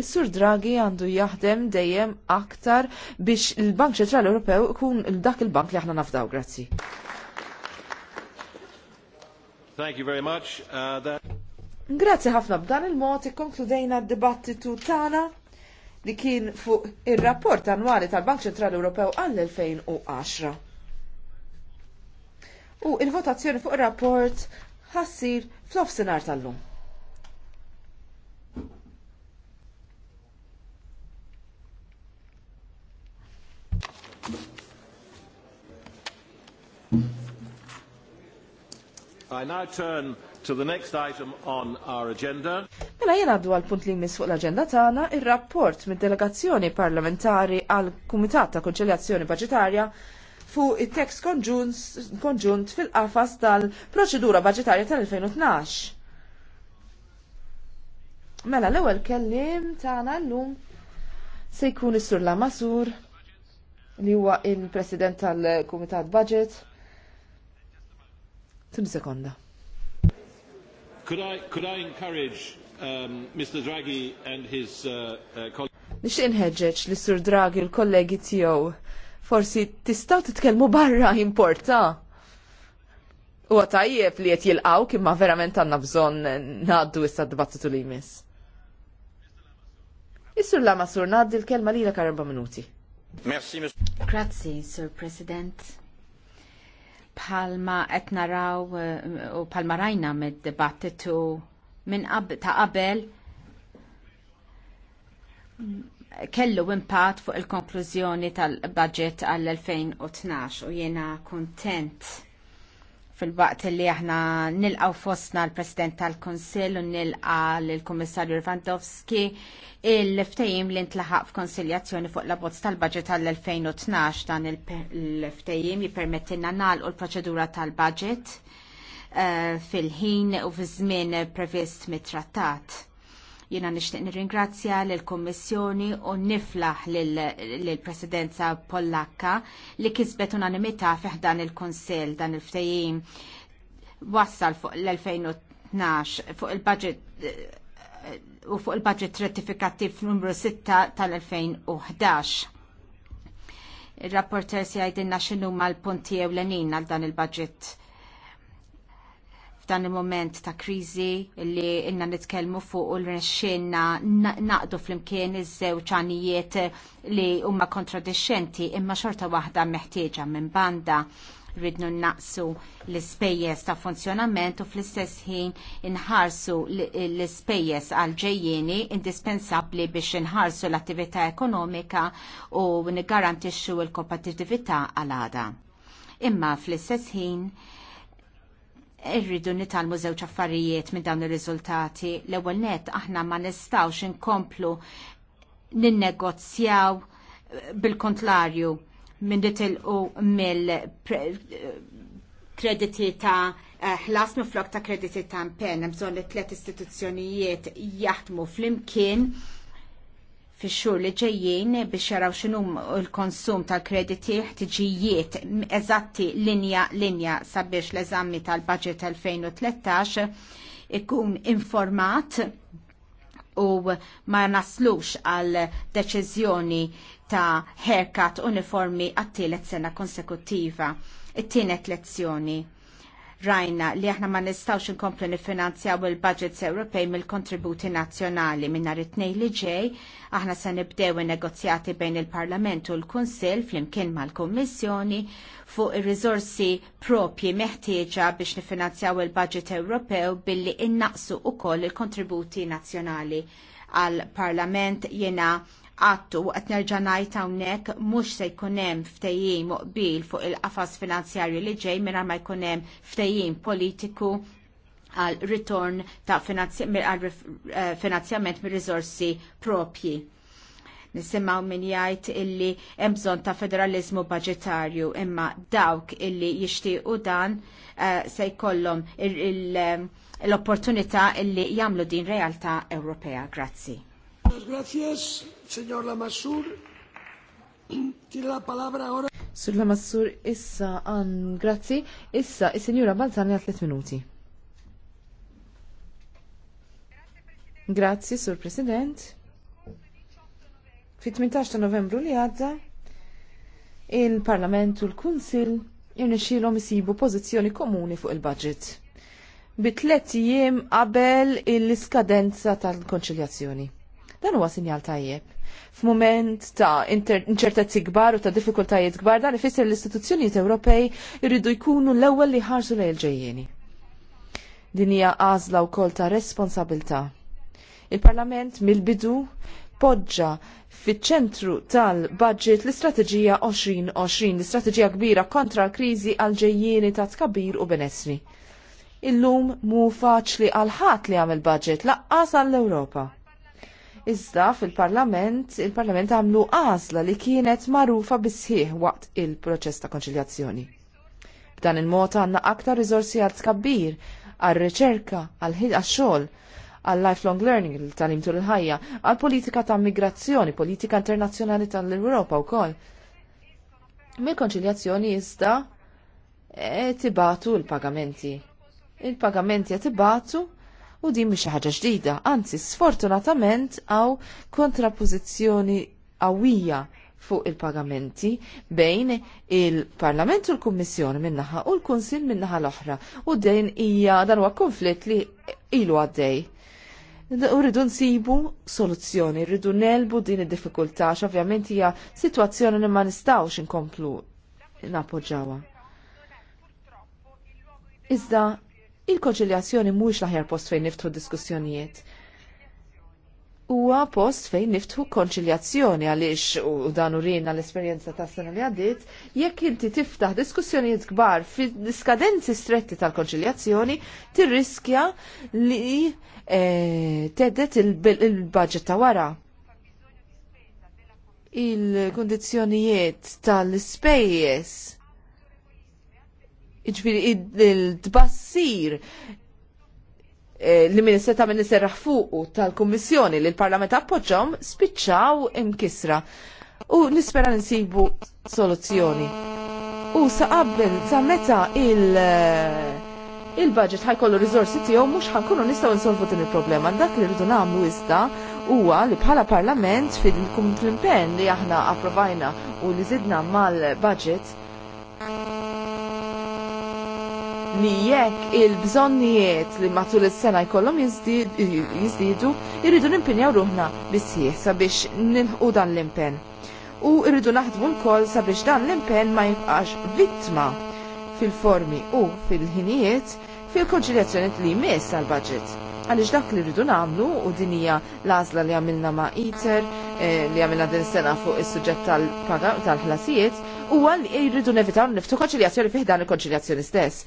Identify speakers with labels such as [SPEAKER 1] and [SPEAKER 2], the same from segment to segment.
[SPEAKER 1] Is-Sur Draghi għandu jaħdem dejjem aktar biex il-Bank Ċentrali Ewropew ikun dak il-bank li aħna nafdaw. Grazzi.
[SPEAKER 2] Thank you very much. Uh,
[SPEAKER 1] Grazzi ħafna b'dan il-mod ikkonkludejna d-dibattitu tagħna li kien fuq ir-rapport annwali tal-Bank Ċentrali Ewropew għall-2010. U il-votazzjoni fuq ir-rapport ħassir fl-ofsinhar tal-lum.
[SPEAKER 2] I now turn to the next item on our agenda.
[SPEAKER 1] Mela jena għaddu għal punt li jmiss fuq l-agenda tagħna ir-rapport mid-delegazzjoni parlamentari għal Kumitat ta' Konċiljazzjoni Baġitarja fuq it-tekst konġunt fil-qafas tal-proċedura baġitarja tal-2012. Mela l-ewwel kellim tagħna llum se jkun is-Sur Lamasur li huwa il-President tal-Kumitat Budget Tim sekonda. Could I, could I encourage um, Mr. Draghi and his uh, uh, colleagues? Nixtieq li Sur Draghi l-kollegi tiegħu forsi tistgħu titkellmu barra importa. Huwa tajjeb li qed jilqaw kien ma verament għandna bżonn ngħaddu issa dibattitu li jmiss.
[SPEAKER 3] Is-sur Lama Sur ngħaddi l-kelma lilek arba' minuti. Merci, Grazie, Sir President. Palma qed naraw eh, u palma rajna mid-dibattitu minn ta' qabel kellu impatt fuq il-konklużjoni tal-budget għall-2012 u jiena kuntent fil-waqt li aħna nilqaw fostna l-President tal-Konsil u nilqa l kummissarju Rwandowski il-ftejim li ntlaħaq f'konsiljazzjoni fuq l bozz tal-budget tal-2012 dan il-ftejim jipermettilna nagħlqu l-proċedura tal-budget eh, fil-ħin u fi żmien previst mit-trattat Jiena nixtieq nirringrazzja lill kummissjoni u niflaħ lill presidenza Pollakka li kisbet unanimità fiħdan il-Kunsill dan il-ftehim wassal fuq l-2012 fuq il-budget eh, u fuq il-budget rettifikattiv numru 6 tal-2011 il-rapporter si għajdinna xinu mal l-punti ewlenin għal dan il-budget f'dan il-moment ta' krizi li inna nitkelmu fuq u l rinxinna naqdu fl-imkien iż-żewġ għanijiet li huma kontradixxenti imma xorta waħda meħtieġa minn banda ridnu naqsu l-ispejjeż ta' funzjonament u fl-istess ħin inħarsu l-ispejjeż għal ġejjieni indispensabbli biex inħarsu l-attività ekonomika u nigarantixxu l-kompetittività għal għada. Imma fl-istess ħin irridu nitalmu żewġ affarijiet minn dawn ir-riżultati. L-ewwel nett aħna ma nistgħux inkomplu ninnegozjaw eh, bil-kontlarju minn ditilqu mill-krediti ta' eh, ħlas minn flok ta' krediti ta' impenn, bżonn li tliet istituzzjonijiet jaħdmu flimkien fi xhur li ġejjin biex jaraw x'inhum l-konsum tal-krediti ħtiġijiet eżatti linja linja sabiex l eżammi tal-budget 2013 ikun informat u ma naslux għal deċiżjoni ta' haircut uniformi għat-tielet sena konsekutiva. It-tienet lezzjoni rajna li aħna ma nistawx inkomplu nifinanzjaw il-budgets Ewropej mill-kontributi nazzjonali minna nhar it-tnejn li ġej, aħna se nibdew negozjati bejn il-Parlament u l-Kunsill flimkien mal-Kummissjoni fuq ir-riżorsi propji meħtieġa biex nifinanzjaw il-budget Ewropew billi innaqsu ukoll il-kontributi nazzjonali għal-Parlament jena għattu għat nerġa' ngħid hawnhekk mhux se jkun hemm muqbil fuq il-qafas finanzjarju li ġej mingħajr ma jkun hemm politiku għal ritorn ta' eh, finanzjament mir rizorsi propji. Nisimaw min jgħid illi hemm bżonn ta' federalizmu budgetarju imma dawk illi jixtiequ dan eh, se jkollhom l-opportunità illi jagħmlu din realtà Ewropea. Grazzi.
[SPEAKER 1] Grazie. Signor Lamassur, tira la palabra ora. Sur Lamassur, issa, an, grazzi, issa, il-Signora Balzani għal 3 minuti. Grazzi, Sur President. Fit-18 ta' novembru li għadda, il-Parlament u l-Kunsil jirnexxilhom isibu pożizzjoni komuni fuq il-budget bi tliet jiem qabel l-iskadenza tal-konċiljazzjoni. Dan huwa sinjal tajjeb f'mument ta' inċertezzi kbar u ta' diffikultajiet kbar dan ifisser l-istituzzjonijiet Ewropej irridu jkunu l-ewwel li ħarsu lejl ġejjieni. Din hija għażla wkoll ta' responsabilità. Il-Parlament mill-bidu poġġa fiċ-ċentru tal-budget l-istrateġija 2020, l-istrateġija kbira kontra l-kriżi għal ġejjieni ta' tkabbir u benessri illum mu faċli għal ħadd li għamil budget laqqas għall ewropa Iżda fil-Parlament, il-Parlament għamlu għażla li kienet magħrufa bisħieħ waqt il-proċess ta' konċiljazzjoni. B'dan il-mod għandna aktar riżorsi għal tkabbir, għal riċerka, għal xogħol, għal lifelong learning, tal talim tul il-ħajja, għal politika ta' migrazzjoni, politika internazzjonali tal-Europa u koll. Mil-konċiljazzjoni iżda e tibatu l-pagamenti. Il-pagamenti tibatu u din xi ħaġa ġdida, anzi sfortunatament għaw kontrapożizzjoni qawwija fuq il-pagamenti bejn il-Parlament u l-Kummissjoni minnaħa u l-Kunsil minnaħa l-oħra u dejn hija dan huwa konflitt li ilu għaddej. U rridu nsibu soluzzjoni, rridu nelbu din id-diffikultà, ovvjament hija sitwazzjoni li ma nistgħux inkomplu nappoġġawha. Iżda il-konċiljazzjoni mhuwiex l-aħjar post fejn niftħu diskussjonijiet. Huwa post fejn niftħu konċiljazzjoni għaliex u dan urina l-esperjenza ta' sena li għaddiet, jekk inti tiftaħ diskussjonijiet kbar fil diskadenzi stretti tal-konċiljazzjoni, tirriskja li e, tedet il-budget ta' wara il-kondizjonijiet tal-spejjes Iġviri, il-tbassir eh, li seta' ta' minister fuqu tal-Kummissjoni li l-Parlament appoġġhom spiċċaw imkisra u nispera nsibu soluzzjoni. U sa' qabel sa' meta il- eh, il-budget ħajkollu rizorsi tiegħu mhux ħankunu nistgħu nsolvu din il-problema. Dak li rridu nagħmlu iżda huwa li bħala Parlament fil kumplimpen li aħna approvajna u li zidna mal-budget li jekk il-bżonnijiet li matul is-sena jkollhom jiżdiedu, irridu nimpinjaw ruħna bisħieħ sabiex ninħu dan l-impenn. U irridu naħdmu wkoll sabiex dan l-impenn ma jibqax vittma fil-formi u fil-ħinijiet fil-konċiljazzjoni li jmiss għal-budget għalix dak li rridu namlu u dinija lazla li għamilna ma' ITER eh, li għamilna din sena fuq il-sujġet tal-ħlasijiet u għal li rridu nevitaw niftu konċiljazzjoni fiħdan il-konċiljazzjoni stess.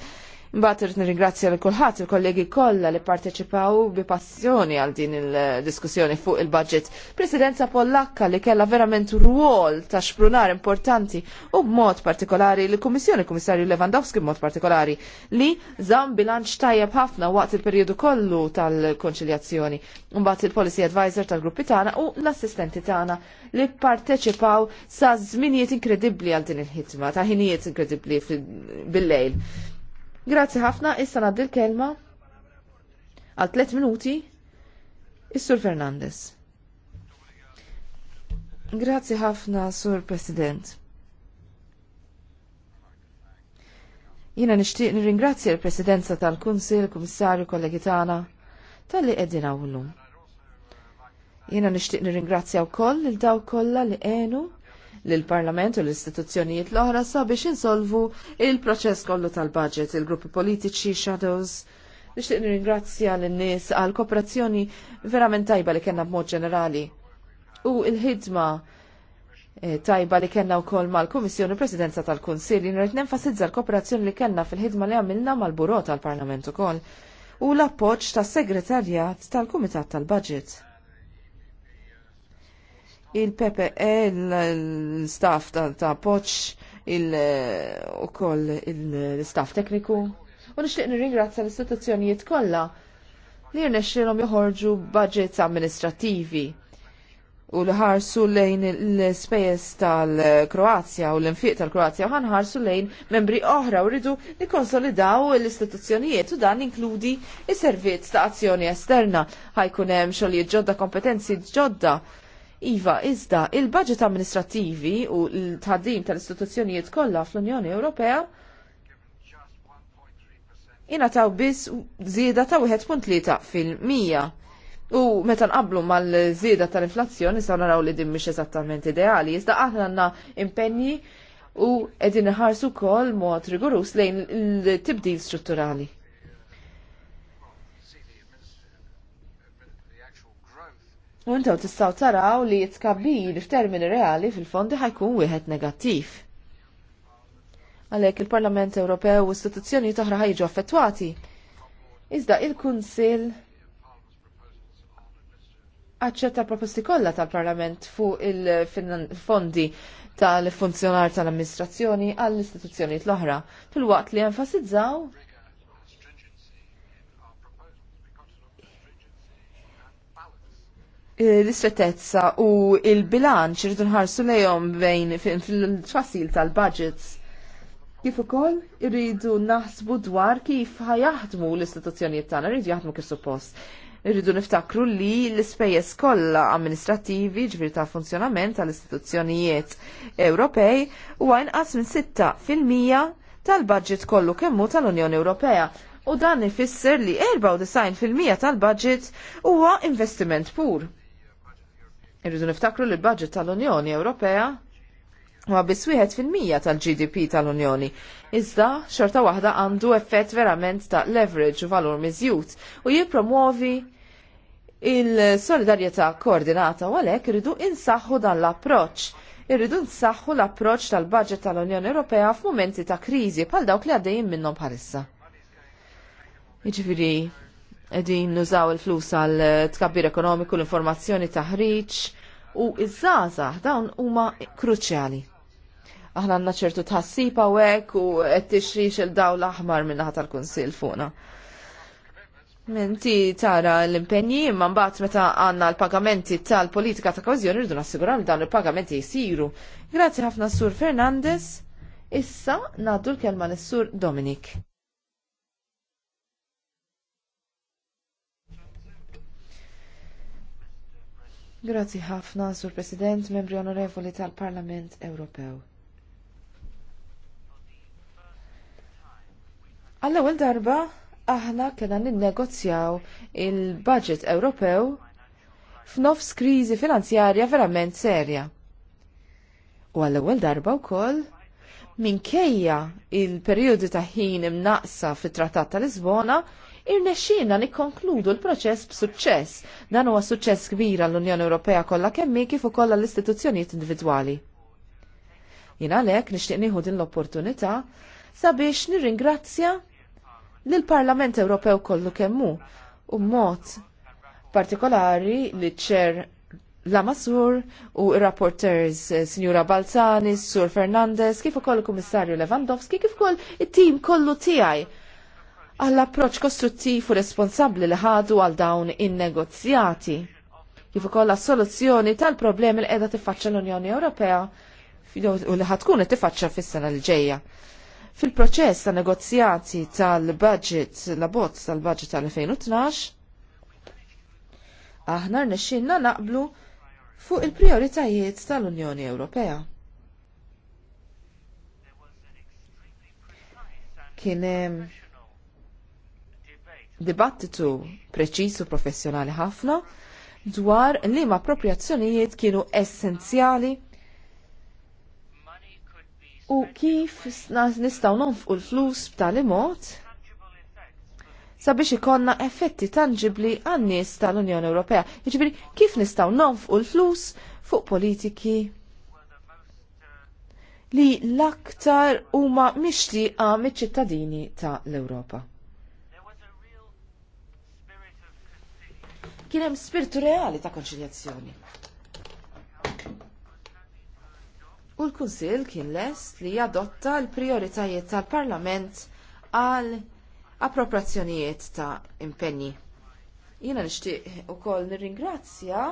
[SPEAKER 1] Mbagħad irid nirringrazzja lil kulħadd il-kollegi kollha li parteċipaw bi passjoni għal din il-diskussjoni fuq il-budget. Presidenza Pollakka li kellha verament ruol ta' xprunar importanti u b'mod partikolari li kummissjoni Kummissarju Lewandowski b'mod partikolari li żamm bilanċ tajjeb ħafna waqt il-perjodu kollu tal-konċiljazzjoni. Mbagħad il-Policy Advisor tal-gruppi tagħna u l-assistenti tagħna li parteċipaw sa' żminijiet inkredibbli għal din il ħitma ta' ħinijiet inkredibbli bil-lejl Grazzi ħafna, issa naddi l-kelma għal 3 minuti is-Sur Fernandez. Grazzi ħafna, Sur President. Jina nishtiq nirringrazzja l-Presidenza tal-Kunsil, Kummissarju, kollegi tagħna tal-li qegħdin hawnlum. Jina nixtieq nirringrazzja wkoll il daw kollha li għenu l-Parlament u l-istituzzjonijiet l-oħra sabiex insolvu il-proċess kollu tal-budget, il-gruppi politiċi, shadows. Nixtieq nirringrazzja lin-nies għal kooperazzjoni verament tajba li kellna b'mod ġenerali. U il-ħidma eh, tajba li kellna wkoll mal-Kummissjoni Presidenza tal konsil li nrid nenfasizza l-kooperazzjoni li kellna fil-ħidma li għamilna mal-Buro tal-Parlament ukoll u l-appoġġ tas-Segretarjat tal-Kumitat tal-Budget il-PPE, l-staff ta' poċ, u koll l staff tekniku. U nixtieq nirringrazzja l-istituzzjonijiet kollha li rnexxielhom joħorġu budgets amministrativi u li ħarsu lejn l spejes tal-Kroazja u l-infiq tal-Kroazja u ħanħarsu lejn membri oħra u rridu nikkonsolidaw l-istituzzjonijiet u dan inkludi is-servizz ta' azzjoni esterna ħajkun hemm xogħlijiet ġodda kompetenzi ġodda Iva, iżda il-budget amministrativi u l-tadim tal-istituzzjonijiet kollha fl-Unjoni Ewropea taw biss zieda ta' 1.3 fil-mija. U meta nqablu mal-żieda tal-inflazzjoni sa naraw li din mhix eżattament ideali, iżda aħna għandna impenji u qegħdin iħarsu wkoll mod rigurus lejn il-tibdil strutturali. U tistaw taraw li jitkabbir f'termini reali fil-fondi ħajkun wieħed negattiv. Għalhekk il-Parlament Ewropew u istituzzjoni toħra ħajġu affettwati. Iżda il-Kunsill aċċetta proposti kollha tal-Parlament fuq il-fondi tal-funzjonar tal-amministrazzjoni għall-istituzzjonijiet l-oħra, fil-waqt li enfasizzaw l-istretezza u il-bilanċ irridu nħarsu lejhom bejn fil-tfasil tal-budgets. Kif ukoll irridu naħsbu dwar kif ħajaħdmu l-istituzzjonijiet tagħna, rridu jaħdmu kif suppost. Irridu niftakru li l-ispejjeż kollha amministrattivi ġbir ta' funzjonament tal-istituzzjonijiet Ewropej huwa inqas minn 6 fil-mija tal-budget kollu kemmu tal-Unjoni Ewropea u dan ifisser li 94% tal-budget huwa investiment pur. Irridu niftakru li l-budget tal-Unjoni Ewropea huwa biss wieħed fil-mija tal-GDP tal-Unjoni. Iżda xorta waħda għandu effett verament ta' leverage u valur miżjud u jippromuovi il-solidarjetà koordinata u għalhekk irridu insaħħu dan l-approċċ. Irridu nsaħħu l-approċċ tal-budget tal-Unjoni Ewropea f'mumenti ta' kriżi bħal dawk li għaddejjin minnhom bħalissa. Jiġifieri, edin nużaw il-flus għal eh, tkabbir ekonomiku, l-informazzjoni taħriġ u iż-żaza dawn huma kruċjali. Aħna għandna ċertu tħassipa u hekk u qed tixrix il dawl aħmar minn naħa tal-Kunsill fuqna. Menti tara l-impenji, imma mbagħad meta għandna l-pagamenti tal-politika ta' kawżjoni rridu nassiguraw li dawn il-pagamenti jsiru. Grazzi ħafna Sur Fernandez. Issa naddu l-kelma l-Sur Dominik. Grazzi ħafna, Sur President, membri onorevoli tal-Parlament Ewropew. Għall-ewwel darba aħna kena ninnegozjaw il-budget Ewropew f'nofs kriżi finanzjarja verament serja. U għall-ewwel darba wkoll minkejja il-perjodi ta' ħin imnaqsa fit-Trattat ta' Lisbona, irnexxina nikkonkludu l-proċess b'suċċess. Dan huwa suċċess kbira għall unjoni Ewropea kollha kemm kif ukoll l-istituzzjonijiet individwali. Jien għalhekk nixtieq nieħu din l-opportunità sabiex nirringrazzja lill-Parlament Ewropew kollu kemm hu u mod partikolari li ċer la Masur u rapporters eh, Signora Balzani, Sur Fernandez, kif ukoll il-Kummissarju Lewandowski, kif ukoll it-tim kollu tiegħi għall-approċ kostruttiv u responsabli li ħadu għal dawn in-negozjati. Kif ukoll soluzzjoni tal-problemi li qiegħda tiffaċċa l-Unjoni Ewropea u li ħadkun qed tiffaċċa fis-sena l ġejja Fil-proċess ta' negozjati tal-budget, la bozz tal-budget tal-2012, aħna rnexxinna naqblu fuq il-prioritajiet tal-Unjoni Ewropea. Kien dibattitu preċisu professjonali ħafna dwar li ma appropriazzjonijiet kienu essenzjali u kif nistaw nonfqu l-flus b'tali mod sabiex ikonna effetti tangibli għan-nies tal-Unjoni Ewropea. Jiġifieri kif nistgħu nonfqu l-flus fuq politiki li l-aktar huma mixtieqa miċ-ċittadini tal-Ewropa. kien hemm spiritu reali ta' konċiljazzjoni. U l-Kunsill kien lest li jadotta l-prioritajiet tal-Parlament għal appropriazzjonijiet ta' impenni. Jiena nixtieq ukoll nirringrazzja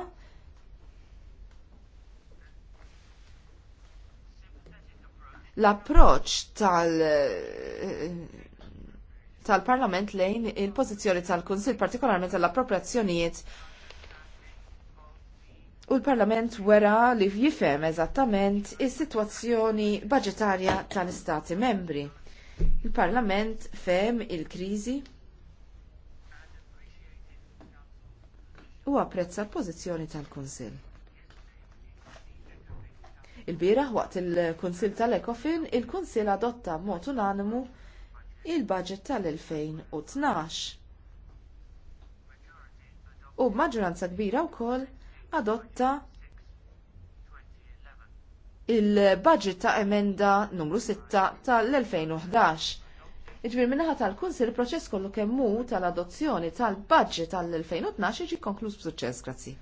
[SPEAKER 1] l-approċ tal tal-Parlament lejn il-pożizzjoni tal-Kunsill partikolarment tal-appropriazzjonijiet u l-Parlament wera li jifhem eżattament is-sitwazzjoni budgetarja tal-Istati membri. Il-Parlament fehem il-kriżi u apprezza l-pożizzjoni tal-Kunsill. Il-bieraħ waqt il-Kunsill tal-Ekofin, il-Kunsill adotta mod unanimu il-budget tal-2012. U b'maġġoranza kbira wkoll adotta il-budget ta' emenda numru 6 tal-2011. Iġbir minnaħa tal-Kunsil proċess kollu kemmu tal-adozzjoni tal-budget tal-2012 ġi konkluż b'suċċess, grazzi.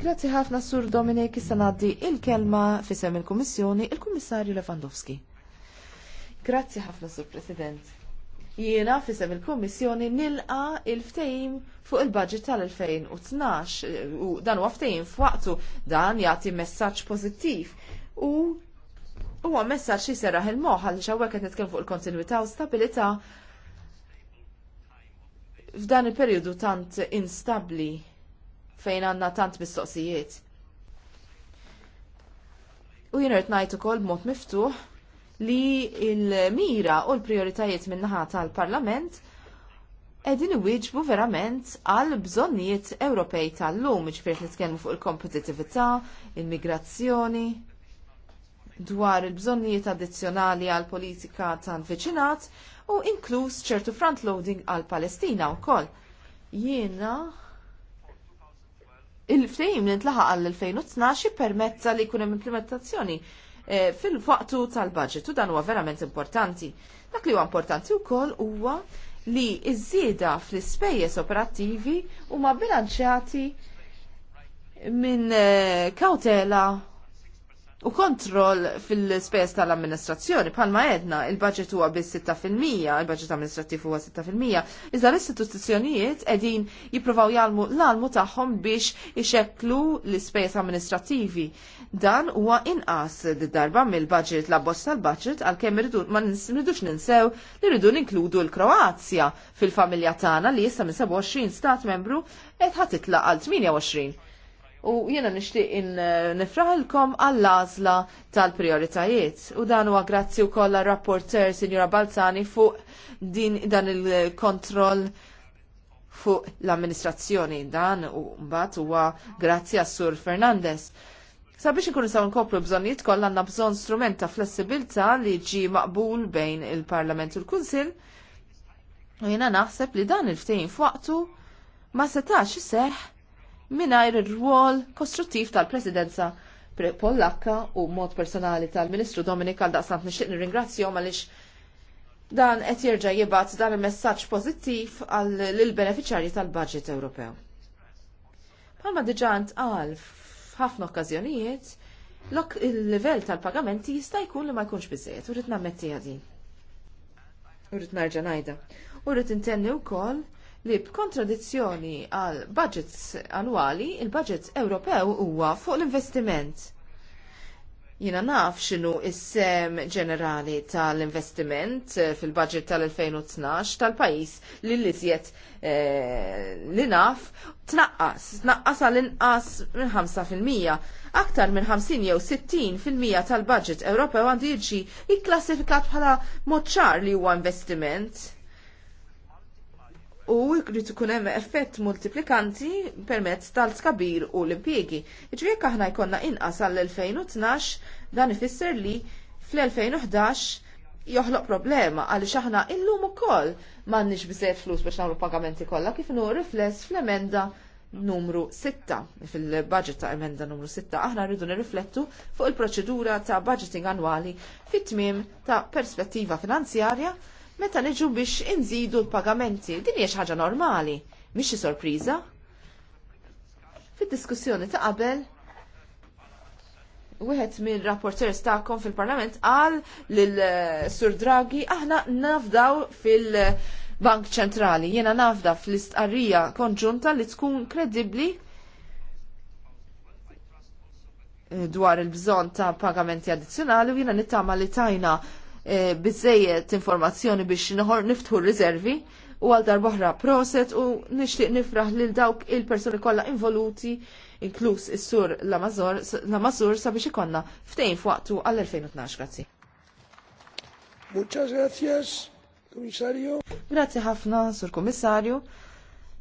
[SPEAKER 1] Grazzi ħafna Sur Dominik sanaddi il-kelma fisem il-Kummissjoni il-Kummissarju Lewandowski. Grazzi ħafna Sur President. Jiena fisem il-Kummissjoni nilqa il-ftejim fuq il-budget tal-2012 eh, u dan huwa ftejim f'waqtu dan jagħti messaġġ pożittiv u huwa messaġġ li seraħ il-moħħ għaliex xawwek qed nitkellem fuq il-kontinwità u stabilità f'dan il perjodu tant instabli fejn għandna tant mistoqsijiet. U jien rrid kol ukoll b'mod miftuħ li l-mira u l-prioritajiet min-naħa tal-Parlament qegħdin iwieġbu verament għal bżonnijiet Ewropej tal-lum, li jiġifieri nitkellmu fuq il-kompetitività, il-migrazzjoni, dwar il-bżonnijiet addizzjonali għal politika tal-viċinat u inkluż ċertu front-loading għal Palestina wkoll. Jiena il fejm li ntlaħaq għall-2012 permezza li jkun hemm implementazzjoni eh, fil faqtu tal-budget u dan huwa verament importanti. Dak li huwa importanti wkoll huwa li iż-żieda fl-ispejjeż operattivi huma bilanċjati minn eh, kautela u kontrol fil-spes tal-amministrazzjoni. Palma edna, il-budget huwa biss 6%, il-budget amministrativ huwa 6%, iżda l-istituzzjonijiet edin jiprovaw jalmu l-almu tagħhom biex ixekklu l spes amministrativi. Dan huwa inqas darba mill-budget la bosta tal-budget għalkemm irridu ma nridux ninsew li rridu ninkludu l-Kroazja fil-familja tagħna li issa minn 27 stat membru qed ħatitla għal 28 u jiena nixtieq in eh, nifraħilkom għall-għażla tal-prioritajiet. U dan huwa grazzi wkoll rapporter sinjura Balzani fuq din dan il-kontroll fuq l-amministrazzjoni dan u mbagħad huwa grazzi għas-Sur Fernandez. Sabiex ikunu saw nkoplu bżonnijiet kollha għandna bżonn strument ta' flessibilità li ġi maqbul bejn il-Parlament u l-Kunsill U jena naħseb li dan il-ftejn f'waqtu ma setax seħ Minajr ir-rwol kostruttiv tal-Presidenza Pollakka u mod personali tal-Ministru Dominik għal daqsant nixtieq nirringrazzjahom għaliex dan qed jerġa' jibgħat dan il-messaġġ pożittiv għal lill tal budget Ewropew. Palma diġà ntqal f'ħafna okkażjonijiet, il-livell tal-pagamenti jista' jkun li ma jkunx biżejjed u nammettiha din. għadin. narġa ngħidha. Urrit intenni u koll li b'kontradizzjoni għal budgets annwali, il-budget Ewropew huwa fuq l-investiment. Jina naf xinu is-sem ġenerali tal-investiment eh, fil-budget tal-2012 tal-pajis li li zjet eh, li naf tnaqqas, tnaqqas għal-inqas minn 5%. Aktar minn 50 jew 60% tal-budget Ewropew għandu jiġi ikklassifikat bħala moċċar li huwa investiment u jrid ikun hemm effett multiplikanti permezz tal-skabir u l-impjiegi. Iġri aħna jkollna inqas għall-2012 dan ifisser li fl-2011 joħloq problema għaliex aħna illum ukoll m'għandniex biżejjed flus biex nagħmlu pagamenti kollha kif nu rifless fl-emenda numru 6 fil-budget ta' emenda numru 6 aħna rridu nirriflettu fuq il-proċedura ta' budgeting annwali fit-tmiem ta' perspettiva finanzjarja meta niġu biex inżidu l-pagamenti. Din hija ħaġa normali, mhix xi sorpriża. Fid-diskussjoni ta' qabel wieħed mill rapporters tagħkom fil-Parlament qal lil eh, Sur Draghi aħna nafdaw fil-Bank Ċentrali. Jiena nafda fl-istqarrija konġunta li tkun kredibbli eh, dwar il-bżon ta' pagamenti addizzjonali u jiena nittama li tajna e, eh, bizzejiet informazzjoni biex noħor niftħu rizervi u għal darboħra proset u nixtieq nifraħ lil dawk il-persuni kollha involuti inkluż is-sur l sabiex ikonna ftejn fuqtu għall-2012. Grazie. Muchas gracias, komissario. Grazzi ħafna, Sur Komissarju.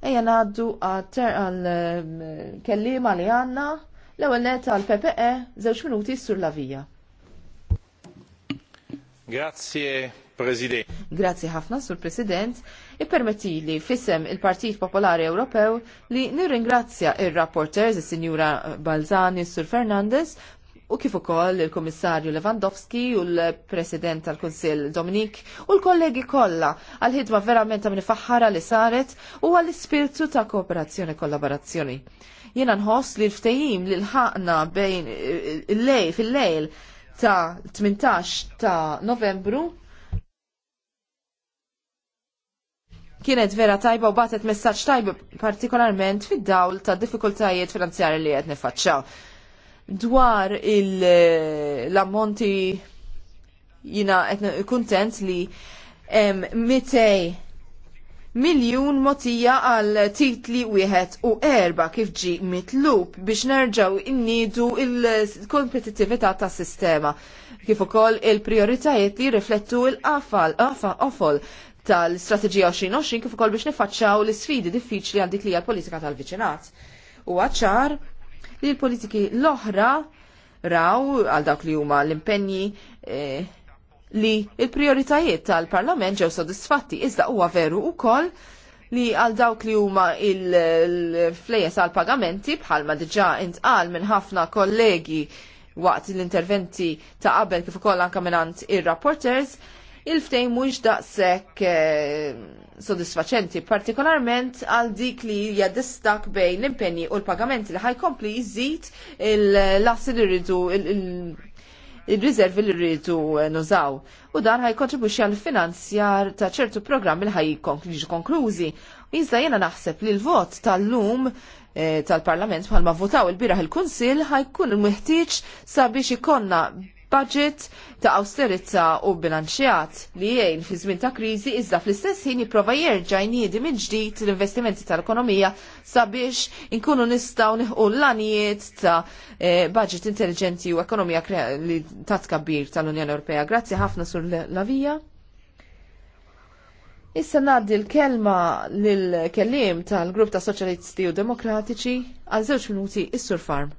[SPEAKER 1] Ejja ngħaddu għal-kellima eh, li għandna l-ewwel net għall ppe żewġ minuti sur la vija.
[SPEAKER 4] Grazie, President.
[SPEAKER 1] ħafna, Sur President. Ippermetti li fissem il-Partit Popolari Ewropew li nirringrazzja il-rapporters, il-Sinjura Balzani, Sur Fernandez, u kif ukoll il-Kummissarju Lewandowski u l-President tal-Kunsill Dominik u l-kollegi kollha għal ħidma verament ta' faħħara li saret u għall ispirtu ta' kooperazzjoni e kollaborazzjoni. Jiena nħoss li l ftejim li l-ħaqna bejn il-lej fil-lejl ta' 18 ta' novembru kienet vera tajba u batet messaċ tajba partikolarment fid-dawl ta' diffikultajiet finanzjari li għed nifacċaw. Dwar eh, l-ammonti jina kuntent li 200 miljun motija għal titli wieħed u erba kif ġi mitlub biex nerġaw innidu il-kompetitività ta' sistema kif ukoll il-prioritajiet li riflettu l qafal tal-strategija 2020 kif ukoll biex nifaċċaw l-sfidi diffiċli għal dik li politika tal-viċinat. U għacċar li l-politiki l-oħra raw għal dawk li huma l-impenji eh, li il-prioritajiet tal-Parlament ġew sodisfatti iżda huwa veru wkoll li għal dawk li huma il-flejes għal pagamenti bħalma diġà intqal minn ħafna kollegi waqt l-interventi ta' qabel kif ukoll anke minnant ir-rapporters il ftejn mhux daqshekk eh, sodisfaċenti, partikolarment għal dik li hija distak bejn l-impenji u l-pagamenti li ħajkompli jżid il-lassi li rridu il il rizervi li rridu eh, nużaw. U dan kontribuċi għal finanzjar ta' ċertu programmi li konkluzi konklużi. Iżda jena naħseb li l-vot tal-lum eh, tal-Parlament bħalma votaw il-biraħ il-Kunsil ħajkun il-mħtieġ sabiex ikonna budget ta' austerizza u bilanċjat li jgħin fi żmien ta' kriżi iżda fl-istess ħin jipprova jerġa' jniedi minn ġdid l-investimenti tal-ekonomija sabiex inkunu nistgħu nieħu l-anijiet ta' eh, budget intelligenti u ekonomija li ta' tkabbir tal-Unjoni Ewropea. Grazzi ħafna sur Lavija. Issa naddi l-kelma l-kellim tal-grupp ta' Soċjalisti u Demokratiċi għal żewġ minuti is-Sur Farm.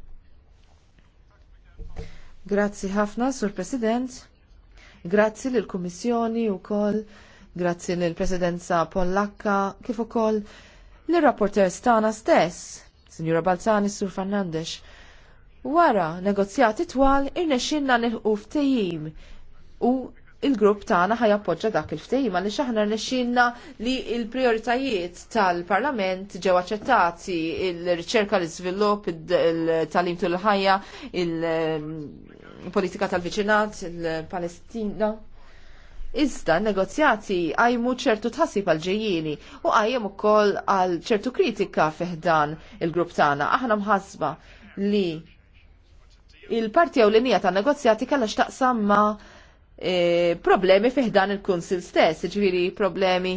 [SPEAKER 1] Grazzi ħafna, Sur President. Grazzi lill kummissjoni wkoll, grazzi lill presidenza Pollakka, kif ukoll lir rapporters tagħna stess, Sinjura Balzani, Sur Fernandez. Wara negozjati twal irnexxinna nilħu ftehim u il-grupp tagħna ħajappoġġa dak il-ftehim għaliex aħna rnexxinna li l-prijoritajiet tal-Parlament ġew aċċettati il-riċerka l iżvilupp il-talim tul ħajja politika tal-viċinat, il-Palestina. Iżda negozjati għajmu ċertu tħassib għal ġejjini u għajmu ukoll għal ċertu kritika feħdan il-grupp tagħna. Aħna mħasba li il-parti l-inija ta' negozjati kalla x'taqsam ma' e, problemi feħdan il-Kunsil stess, ġviri problemi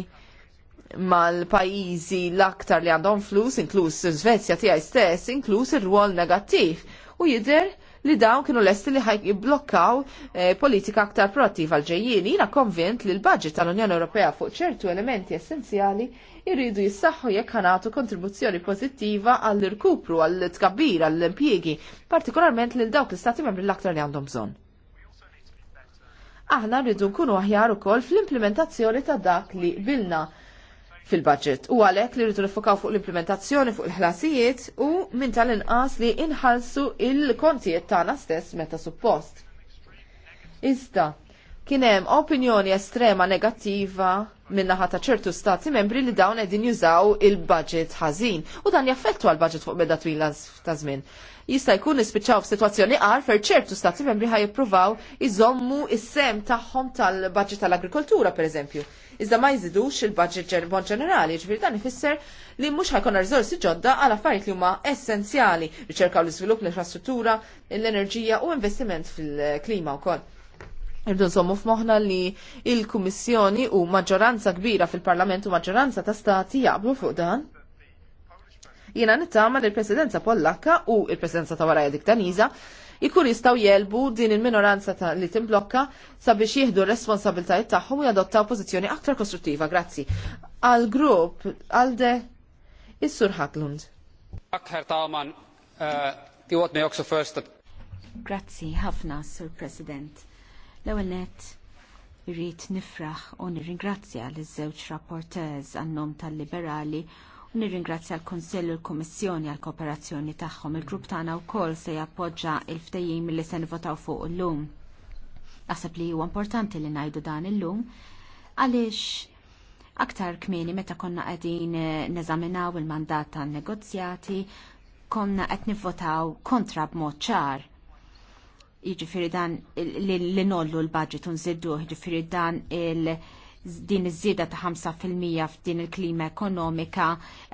[SPEAKER 1] mal-pajizi l-aktar li għandhom flus, inkluż Svezja tiegħi stess, inkluż ir-rwol negattiv. U jidher li dawn kienu lesti li ħaj jibblokkaw eh, politika aktar proattiva għal ġejjien Jina konvint li l-budget tal-Unjoni Ewropea fuq ċertu elementi essenzjali irridu jissaħħu jekk ħanatu kontribuzzjoni pozittiva għall-irkupru, għall-tkabbir, għall-impjiegi, partikolarment lil dawk l-istati membri l-aktar li għandhom bżonn aħna rridu nkunu aħjar ukoll fl-implementazzjoni ta' dak li bilna fil-budget. U għalek li rridu nifokaw fuq l-implementazzjoni fuq il-ħlasijiet u minn tal-inqas li inħalsu il-kontijiet tagħna stess meta suppost. Iżda, kien hemm opinjoni estrema negattiva minnaħa ta' ċertu stati membri li dawn qegħdin jużaw il-budget ħażin u dan jaffettu għal budget fuq meda twila ta' żmien. Jista' jkun nispiċċaw f'sitwazzjoni qar fer ċertu stati membri ħaj jippruvaw iżommu is-sem tagħhom tal-budget tal-agrikoltura pereżempju iżda ma jżidux il-budget mod ġenerali, ġifir dan ifisser li mhux ħajkun riżorsi ġodda għal affarijiet li huma essenzjali, riċerka u l-iżvilupp, l-infrastruttura, l-enerġija u investiment fil-klima wkoll. Irdu nżommu f'moħna li il-Kummissjoni u maġġoranza kbira fil-Parlament u maġġoranza ta' stati jaqblu fuq dan jena nittama li l-presidenza pollakka u l presidenza ta' waraja dik ikun jistgħu jelbu din il-minoranza li timblokka sabiex jieħdu r-responsabiltajiet tagħhom u jadottaw pożizzjoni aktar kostruttiva. Grazzi. Għal grupp għalde is-Sur Hatlund. Akher Talman, eh, tiwot me joksu first.
[SPEAKER 3] Grazzi ħafna, Sur President. L-ewwel net irrid nifraħ u nirringrazzja l-żewġ rapporteurs għannom tal-liberali Nirringrazzja l u l kummissjoni għal kooperazzjoni tagħhom. Il-grupp tagħna wkoll se jappoġġa il-ftehim li se nivotaw fuq illum. Naħseb li huwa importanti li ngħidu dan illum għaliex aktar kmieni meta konna qegħdin eh, neżaminaw il-mandat tan negozjati konna qed nivvotaw kontra b'mod ċar. Jiġifieri dan li nollu l-budget nżidduh, jiġifieri dan il- din iż-żieda ta' 5% f'din il-klima ekonomika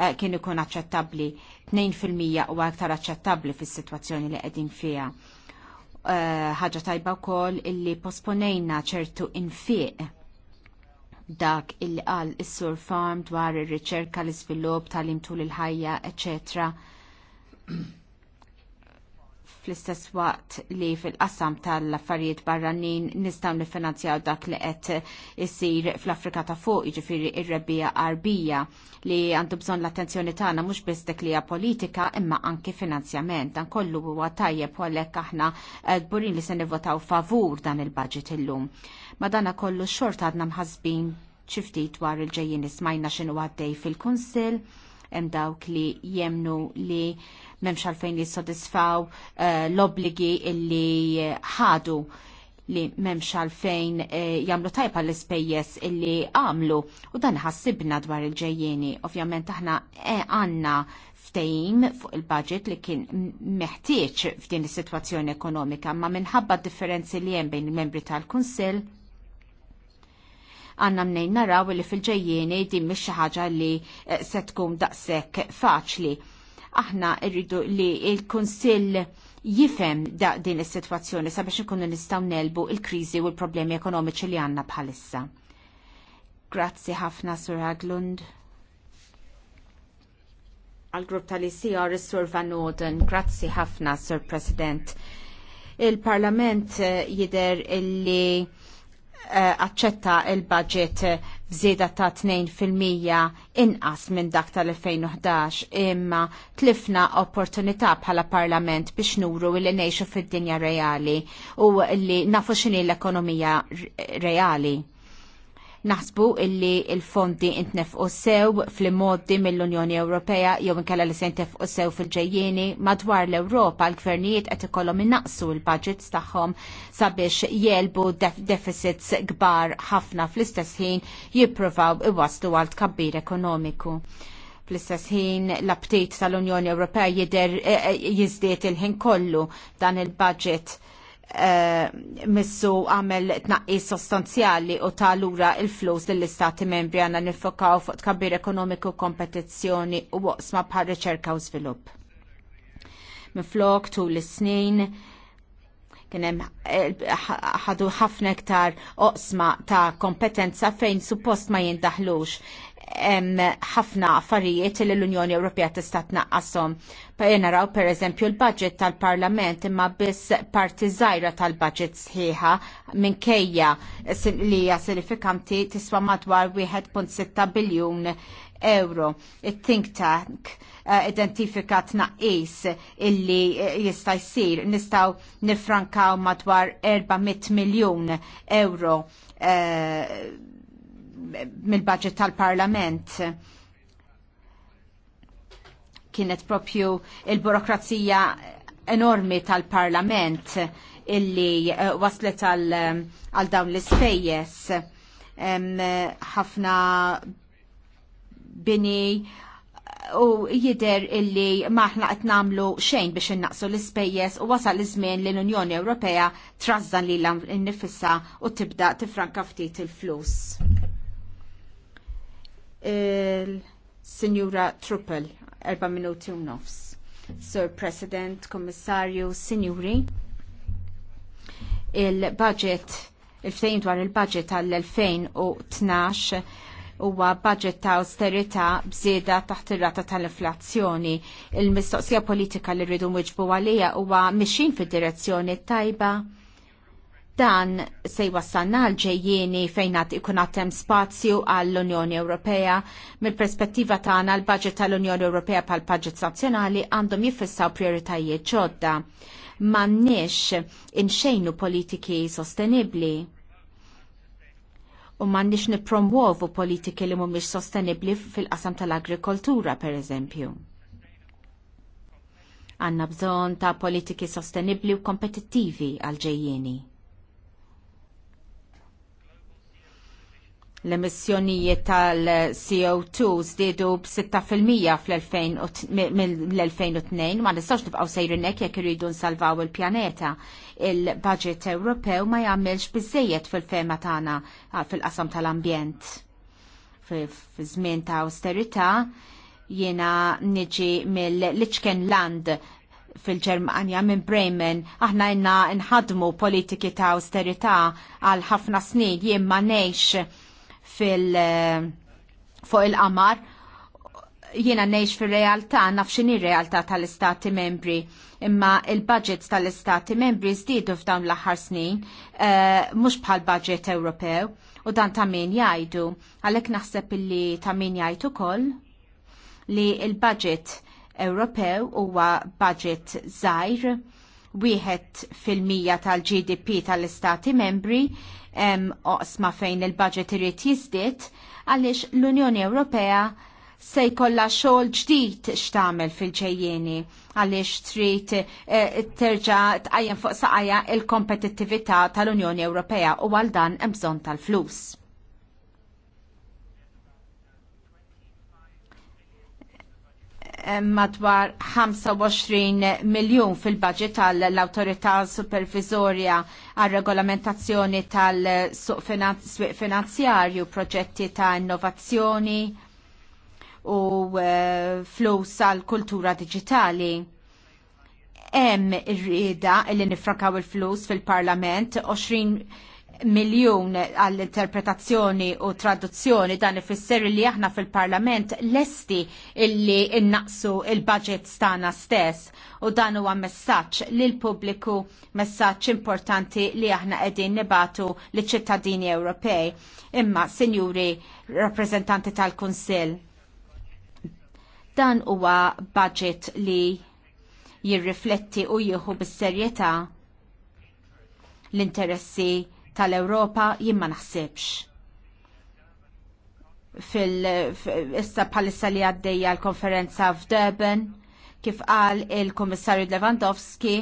[SPEAKER 3] eh, kien ikun aċċettabbli, 2% huwa aktar aċċettabbli fis-sitwazzjoni li qegħdin fiha. Eh, ħaġa uh, tajba wkoll illi posponejna ċertu infiq dak illi qal is-sur farm dwar ir-riċerka, l-iżvilupp, tal-imtul il-ħajja, eċċetera fl-istess waqt li fil-qassam tal-affarijiet barranin nistaw finanzjaw dak li qed issir fl-Afrika ta' fuq, jiġifieri ir-rebbija qarbija li għandu bżonn l-attenzjoni tagħna mhux biss dik li politika imma anki finanzjament. Dan kollu huwa tajjeb għalhekk aħna gburin li se nivvotaw favur dan il-budget illum. Madana kollu xorta għadna mħasbin ċifti dwar il-ġejjin ismajna xinu għaddej fil-Kunsil hemm dawk li jemnu li memx għalfejn li jissodisfaw uh, l-obligi illi ħadu li memx għalfejn uh, jagħmlu tajpa l-ispejjeż illi għamlu u dan ħassibna dwar il-ġejjeni. Ovvjament aħna eh, għandna e ftehim fuq il-budget li kien meħtieġ f'din is-sitwazzjoni ekonomika, ma minħabba differenzi li hemm bejn il-membri tal-Kunsill għanna mnejn naraw li fil-ġejjeni din mhix xi ħaġa li eh, se tkun daqshekk faċli. Aħna rridu li il-Kunsill jifem da din is-sitwazzjoni sabiex ikunu nistgħu nelbu il-kriżi u l-problemi ekonomiċi li għandna bħalissa. Grazzi ħafna Sur Aglund għal-grupp tal-ICR Sur Van Oden. Grazzi ħafna, Sur President. Il-Parlament eh, jider illi Eh, aċċetta il-budget bżieda ta' 2% inqas minn dak tal-2011 imma tlifna opportunità bħala parlament biex nuru li nejxu fid-dinja reali u li nafu xini l-ekonomija reali. Naħsbu illi il-fondi u sew fl-modi mill-Unjoni Ewropea jew inkella li se u sew fil-ġejjieni madwar l-Ewropa l-gvernijiet qed ikollhom innaqsu l-budgets tagħhom sabiex jelbu def deficits kbar ħafna fl-istess ħin jippruvaw iwaslu għal tkabbir ekonomiku fl-istess ħin l-update tal-Unjoni Ewropea jidher eh, eh, jizdiet il-ħin kollu dan il-budget Eh, missu għamel tnaqqis sostanzjali u talura il-flus dell-istati membri għanna nifokaw fuq tkabbir ekonomiku kompetizzjoni u waqsma bħal riċerka u svilup. Minflok tu l-snin kienem eh, ħadu ħafna iktar oqsma ta' kompetenza fejn suppost ma jindaħlux hemm ħafna affarijiet li l-Unjoni Ewropea tista' tnaqqashom. Naraw pereżempju l-budget tal-Parlament imma biss parti żgħira tal-budget sħiħa minkejja li hija sinifikanti tiswa madwar 1.6 biljun euro. It-think tank eh, identifika tnaqqis illi eh, jista' jsir nistgħu nifrankaw madwar 400 miljun euro uh, mill-budget tal-Parlament kienet propju il-burokrazija enormi tal-Parlament illi eh, waslet għal eh, dawn l ispejjeż ħafna bini eh, u jider illi maħna qed namlu xejn biex innaqsu l-ispejjeż u wasal iż-żmien li l-Unjoni Ewropea trażżan li l-nifissa u tibda tifranka ftit il-flus il-Sinjura Truppel, erba minuti u nofs. Sir President, Kommissarju, Sinjuri, il-budget, il-ftejn dwar il-budget għall-2012 huwa budget ta' austerita bżieda taħt ir-rata tal-inflazzjoni. Il-mistoqsija politika li rridu nwiġbu għalija huwa mixin fid-direzzjoni tajba Dan se jwassalna għal ġejjieni fejn għad ikun għattem spazju għall-Unjoni Ewropea. Mill-perspettiva tagħna l-budget tal-Unjoni Ewropea pal budget nazzjonali għandhom jifissaw prioritajiet ġodda. M'għandniex inxejnu politiki sostenibbli u m'għandniex nippromuovu politiki li mhumiex sostenibbli fil-qasam tal-agrikoltura, per eżempju. Għanna bżon ta' politiki sostenibli u kompetittivi għal ġejjieni. L-emissjonijiet tal-CO2 żdiedu b-6% fl-2002 ma nistgħux nibqgħu sejrin hekk jekk iridu nsalvaw il-pjaneta. Il-budget Ewropew ma jagħmilx biżejjed fil-fema tagħna fil-qasam tal-ambjent. Fi żmien ta' austerità jiena niġi mill-Lichken Land fil-Ġermanja minn Bremen, aħna jenna nħadmu politiki ta' austerità għal ħafna snin jien ma' neħx fil- eh, fuq il-qamar jiena nejx fil-realtà nafxin ir-realtà tal-istati membri imma il-budgets tal-istati membri żdiedu f'dawn l-aħħar snin uh, mhux bħal budget Ewropew u dan ta' min jgħidu għalhekk naħseb illi ta' min jgħid ukoll li il-budget Ewropew huwa budget żgħir wieħed fil-mija tal-GDP tal-istati membri hemm oqsma fejn il-budget irid jiżdied għaliex l-Unjoni Ewropea se jkollha xogħol ġdid x'tagħmel fil-ġejjieni għaliex trid eh, terġa' tqajjem fuq saqajja il-kompetittività tal-Unjoni Ewropea u għal dan hemm bżonn tal-flus. Eh, madwar 25 miljon fil-budget tal-autorità supervizorja għal regolamentazzjoni tal-suq finanzjarju, proġetti ta' innovazzjoni u eh, flus għal kultura digitali. Hemm ir-rieda li nifrankaw il-flus fil-Parlament 20 miljun għall-interpretazzjoni u traduzzjoni dan ifisser li aħna fil-Parlament lesti illi innaqsu il-budget stana stess u dan huwa messaġġ lil pubbliku messaġġ importanti li aħna qegħdin nibatu liċ ċittadini Ewropej. Imma, sinjuri, rappreżentanti tal-Kunsill, dan huwa budget li jirrifletti u jieħu bis-serjetà l-interessi tal-Ewropa ma naħsibx. Fil, issa palissa li għaddeja l-konferenza f'Durban, kif qal il-Komissarju Lewandowski,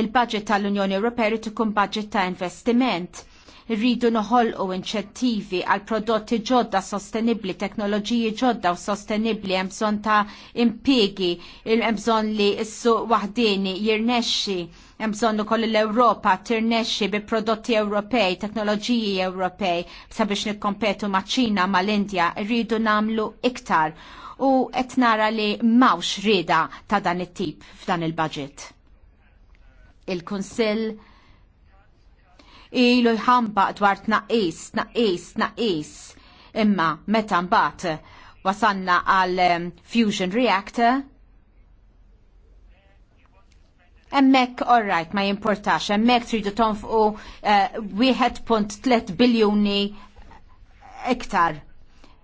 [SPEAKER 3] il-budget tal-Unjoni Ewropea jrid ikun budget ta' investiment rridu noħolqu inċettivi għal prodotti ġodda sostenibli, teknoloġiji ġodda u sostenibli, hemm bżonn ta' impjiegi, hemm bżonn li s-suq waħdini jirnexxi Hemm bżonn ukoll l-Ewropa tirnexxi bi prodotti Ewropej, teknoloġiji Ewropej sabiex nikkompetu ma' Ċina mal-Indja rridu nagħmlu iktar u qed nara li m'hawnx rieda ta' dan it-tip f'dan il-budget. Il-Kunsill ilu jħamba dwar tnaqqis, tnaqqis, tnaqqis. Imma meta mbagħad wasanna għal um, fusion reactor Emmek, all right, ma jimportax, emmek tridu tonfqu 1.3 eh, biljoni iktar.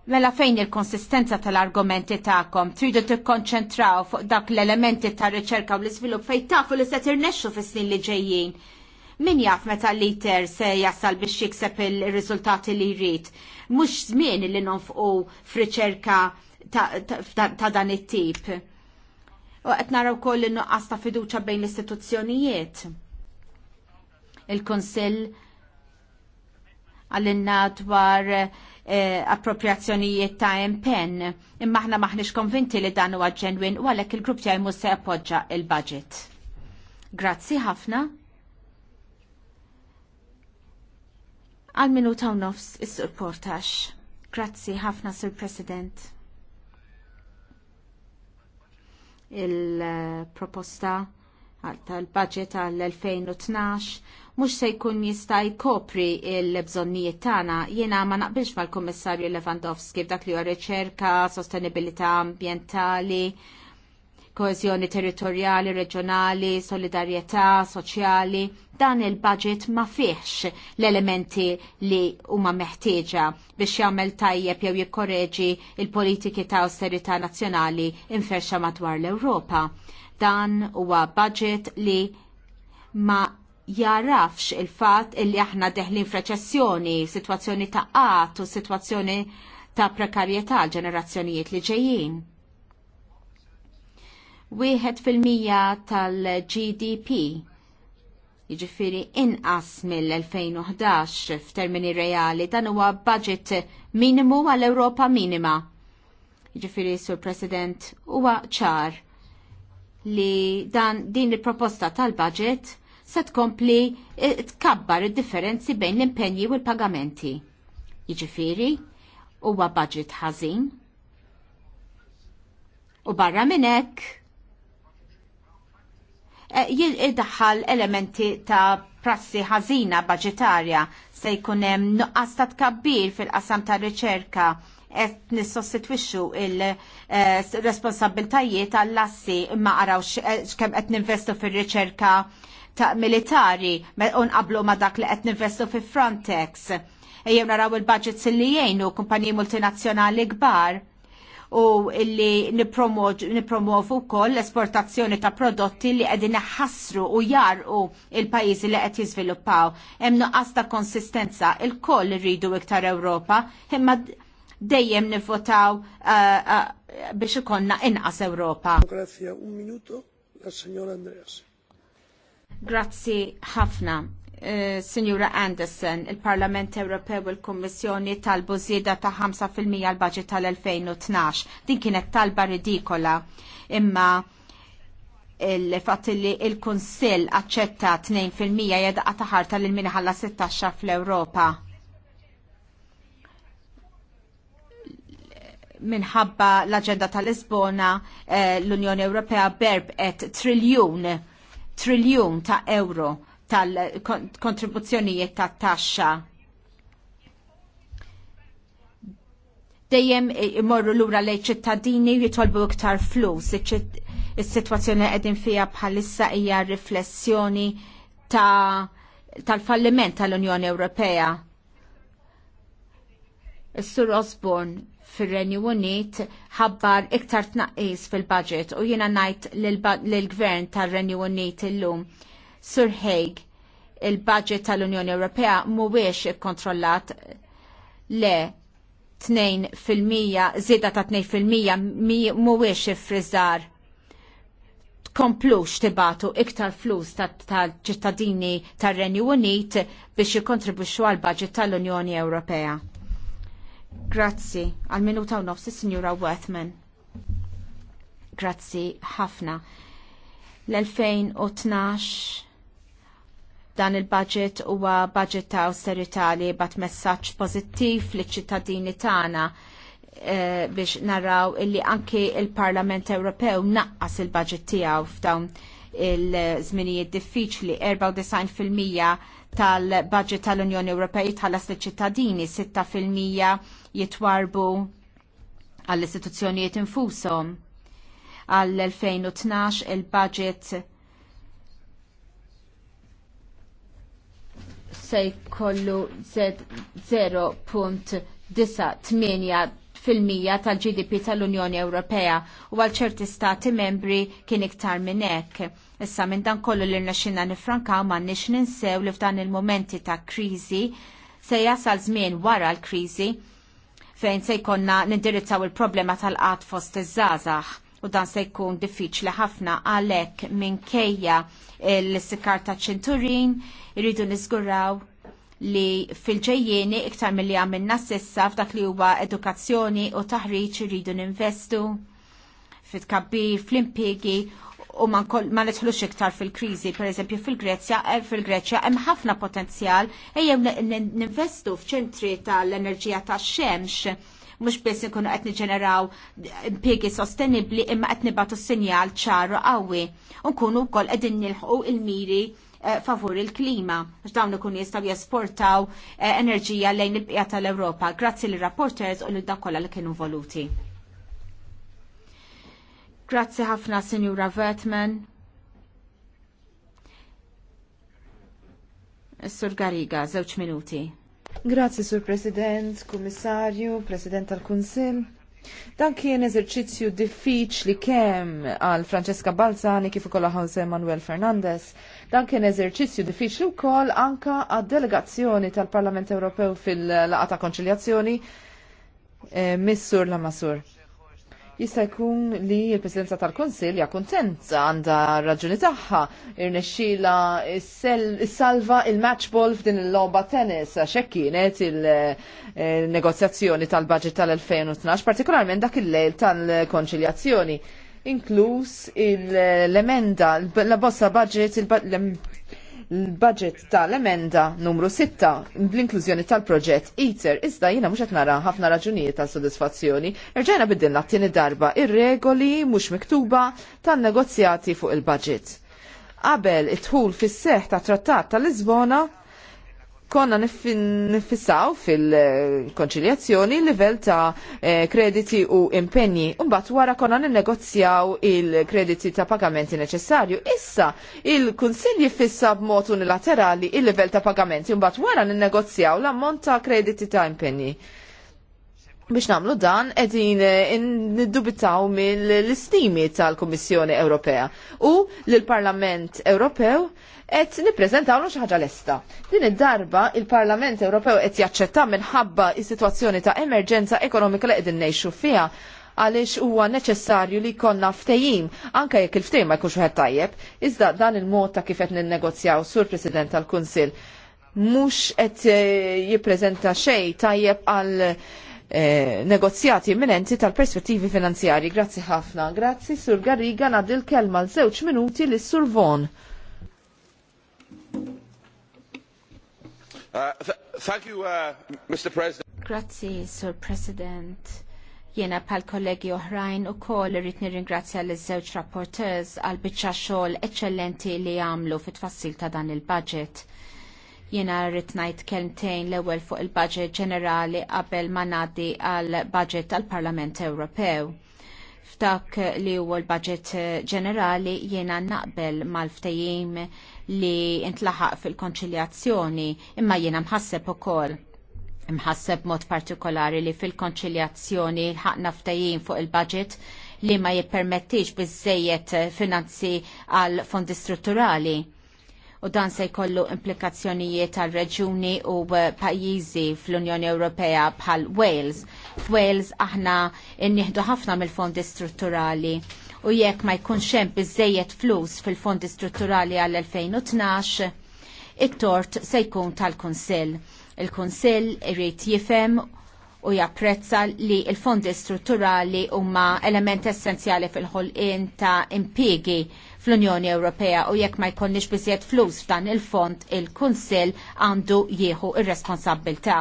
[SPEAKER 3] Mela fejn il-konsistenza tal-argumenti ta'kom, tridu tikkonċentraw fuq dak l-elementi ta' riċerka u l-iżvilupp fejn tafu li se tirnexxu fis-snin li ġejjin. Min jaf meta l-liter se jasal biex jikseb il-riżultati li jrid. Mhux żmien li nonfqu f'riċerka ta', ta dan it-tip u qed naraw wkoll in ta' fiduċja bejn l-istituzzjonijiet. Il-Kunsill għallinna dwar eh, appropriazzjonijiet ta' impenn, imma aħna maħniex konvinti li dan huwa ġenwin u għalhekk il-grupp tiegħi mhux se appoġġa il-budget. Grazzi ħafna. Għal minuta u nofs is surportax Grazzi ħafna, Sur President. il-proposta tal-budget għal-2012 mux se jkun jista' jkopri l-bżonnijiet tagħna. Jiena ma naqbilx mal-Kummissarju Lewandowski f'dak li huwa riċerka, sostenibilità ambjentali, koezjoni territorjali, reġjonali, solidarjetà, soċjali, dan il-budget ma fiħx l-elementi li huma meħtieġa biex jagħmel tajjeb jew jikkoreġi il-politiki ta' austerità nazzjonali inferxa madwar l-Ewropa. Dan huwa budget li ma jarafx il-fat li aħna deħlin f'reċessjoni, situazzjoni ta' għat u situazzjoni ta' prekarjetà l-ġenerazzjonijiet li ġejjin wieħed fil-mija tal-GDP. Jiġifieri inqas mill-2011 f'termini reali dan huwa budget minimu għall ewropa minima. Jiġifieri sur President huwa ċar li dan din il-proposta tal-budget se tkompli e, tkabbar id-differenzi bejn l-impenji u l-pagamenti. Jiġifieri, huwa budget ħażin. U barra minn hekk Eh, jiddaħħal elementi ta' prassi ħażina budgetarja se jkun hemm nuqqas ta' tkabbir fil-qasam ta' riċerka qed nissostitwixxu il-responsabiltajiet eh, għall-assi imma qaraw eh, x'kemm qed ninvestu fir-riċerka ta' militari unqablu ma' dak li qed ninvestu fi Frontex. Ejjew naraw il-budgets li jgħinu kumpaniji multinazzjonali kbar u illi nipromovu wkoll l-esportazzjoni ta' prodotti li qegħdin ħassru u jarqu il-pajjiżi li qed jiżviluppaw. Hemm għasta ta' konsistenza il-koll irridu iktar Ewropa, imma dejjem nivvotaw uh, uh, biex ikonna inqas Ewropa. Grazie, un minuto, la signora Andreas. Grazzi ħafna. Eh, Signora Anderson, il-Parlament Ewropew u l-Kummissjoni talbu żieda ta' 5% għal-budget tal-2012. Din kienet talba ridikola, imma il fat li il-Kunsill aċċetta 2% jedaqa ta lil min ħalla 16 fl-Ewropa. minħabba l-agenda tal-Lisbona eh, l-Unjoni Ewropea berb et triljun triljun ta' euro tal-kontribuzzjonijiet tat-taxxa. Dejjem imorru lura lejn ċittadini jitolbu iktar flus. Is-sitwazzjoni qegħdin fija bħalissa hija riflessjoni ta' tal-falliment tal-Unjoni Ewropea. Is-Sur Osborne fir-Renju Unit ħabbar iktar tnaqqis fil-budget u jiena ngħid lill-Gvern tar-Renju Unit illum. Sur Haig, il-budget tal-Unjoni Ewropea mhuwiex ikkontrollat le 2% żieda ta' 2% mhuwiex ifriżar komplux tibatu iktar flus tal-ċittadini ta tar renju Unit biex ikkontribwixxu għal budget tal-Unjoni Ewropea. Grazzi, għal minuta u nofsi, sinjura Wethman. Grazzi, ħafna. L-2012 Dan il-budget huwa budget ta' austerità li bat messaġġ pożittiv li ċittadini tagħna eh, biex naraw illi anki il-Parlament Ewropew naqqas il-budget tiegħu f'dawn il-żminijiet diffiċli 94% tal-budget tal-Unjoni Ewropej tħallas li ċittadini 6% jitwarbu għall-istituzzjonijiet infushom. Għall-2012 il-budget se jkollu 0.98% tal-GDP tal-Unjoni Ewropea u għal ċerti stati membri kien iktar minn hekk. Issa minn dan kollu li nifranka nifrankaw m'għandniex ninsew li f'dan il-momenti ta' kriżi se jasal żmien wara l-kriżi fejn se jkollna nindirizzaw il-problema tal-qat fost iż-żgħażagħ u dan se jkun diffiċli ħafna għalhekk minkejja l-sikar ta' ċinturin irridu nisguraw li fil-ġejjeni iktar milli għamilna sissa f'dak li huwa edukazzjoni u taħriġ irridu ninvestu fit-kabbir, fl-impiegi u man kol, ma nitħlux iktar fil-krizi, per eżempju fil-Grezja, eh, fil-Greċja hemm ħafna potenzjal ejjew ninvestu f'ċentri tal-enerġija tax-xemx mhux biss nkunu qed niġeneraw impjiegi sostenibbli imma qed nibatu sinjal ċaru qawwi u nkunu wkoll qegħdin nilħqu il-miri eh, favur il-klima, għax dawn ikun jistgħu jesportaw eh, enerġija lejn il-bqija tal-Ewropa. Grazzi lir rapporters u lil dak kollha li kienu voluti. Grazzi ħafna, Sinjura Vertman. Sur Gariga, żewġ minuti.
[SPEAKER 1] Grazzi, Sur President, Kummissarju, President tal-Kunsil. Dan kien eżerċizzju diffiċli kemm għal Francesca Balzani kif ukoll Jose Manuel Fernandez. Dan kien eżerċizzju diffiċli wkoll anka għad-delegazzjoni tal-Parlament Ewropew fil laqata ta' konċiljazzjoni eh, Missur la Masur jista' jkun li l-Presidenza tal-Konsil ja kontent għandha raġuni tagħha irnexxila salva il-match ball f'din il-logħba tennis għax hekk kienet il-negozjazzjoni eh, tal-budget tal-2012, partikolarment dak il-lejl tal-konċiljazzjoni inkluż l-emenda, la bossa budget, l-budget tal-emenda numru 6 bl-inklużjoni tal-proġett ITER iżda jiena mhux qed nara ħafna raġunijiet tal sodisfazzjoni. Irġajna biddilna t-tieni darba ir-regoli mhux miktuba tan-negozjati fuq il-budget. Qabel it-tħul fis-seħ ta' trattat tal-Lisbona, konna nifissaw fil-konċiljazzjoni livell ta' eh, krediti u impenji. Umbat wara konna ninnegozjaw il-krediti ta' pagamenti neċessarju. Issa il-Kunsilj jifissa b'mod unilaterali il-livell ta' pagamenti. Umbat wara ninnegozjaw l-ammont ta' krediti ta' impenji. Biex namlu dan, edin eh, niddubitaw mill-istimi tal-Kommissjoni Ewropea u l-Parlament Ewropew qed nippreżentawlu xi ħaġa lesta. Din id-darba il-Parlament Ewropew qed jaċċetta minħabba s sitwazzjoni ta' emerġenza ekonomika li qegħdin ngħixu fiha għaliex huwa neċessarju li jkollna ftejim, anke jekk il ftejim ma jkunx wieħed tajjeb, iżda dan il-mod ta' kif qed ninnegozjaw sur President tal-Kunsill mhux qed eh, jippreżenta xejn tajjeb għal eh, negozjati imminenti tal-perspettivi finanzjari. Grazzi ħafna. Grazzi, Sur Garriga, nadil kelma l-żewġ minuti l-Sur Von.
[SPEAKER 4] Uh, uh,
[SPEAKER 3] Grazzi, Sir President. Jiena pal kollegi oħrajn ukoll irrid nirringrazzja l żewġ rapporteurs għal biċċa xogħol eċċellenti li għamlu fit-tfassil ta' dan il-budget. Jiena rrid ngħid kelmtejn l-ewwel fuq il-budget ġenerali qabel ma ngħaddi għal budget tal-Parlament Ewropew F'dak li huwa l-budget ġenerali jiena naqbel mal-ftejim li intlaħaq fil-konċiljazzjoni imma jiena mħasseb ukoll imħasseb mod partikolari li fil-konċiljazzjoni ħaqna ftajin fuq il-budget li ma jippermettix bizzejiet finanzi għal fondi strutturali u dan se jkollu implikazzjonijiet għal reġuni u eh, pajjiżi fl-Unjoni Ewropea bħal Wales. F'Wales aħna nieħdu ħafna mill-fondi strutturali u jekk ma jkunx hemm biżejjed flus fil-fondi strutturali għal-2012, it-tort se jkun tal-Kunsill. Il-Kunsill irid jifhem u japprezza li l fondi strutturali huma element essenzjali fil-ħolqien ta' impjiegi fl-Unjoni Ewropea u jekk ma jkollniex biżjed flus f'dan il-fond il-Kunsill għandu jieħu ir-responsabbiltà.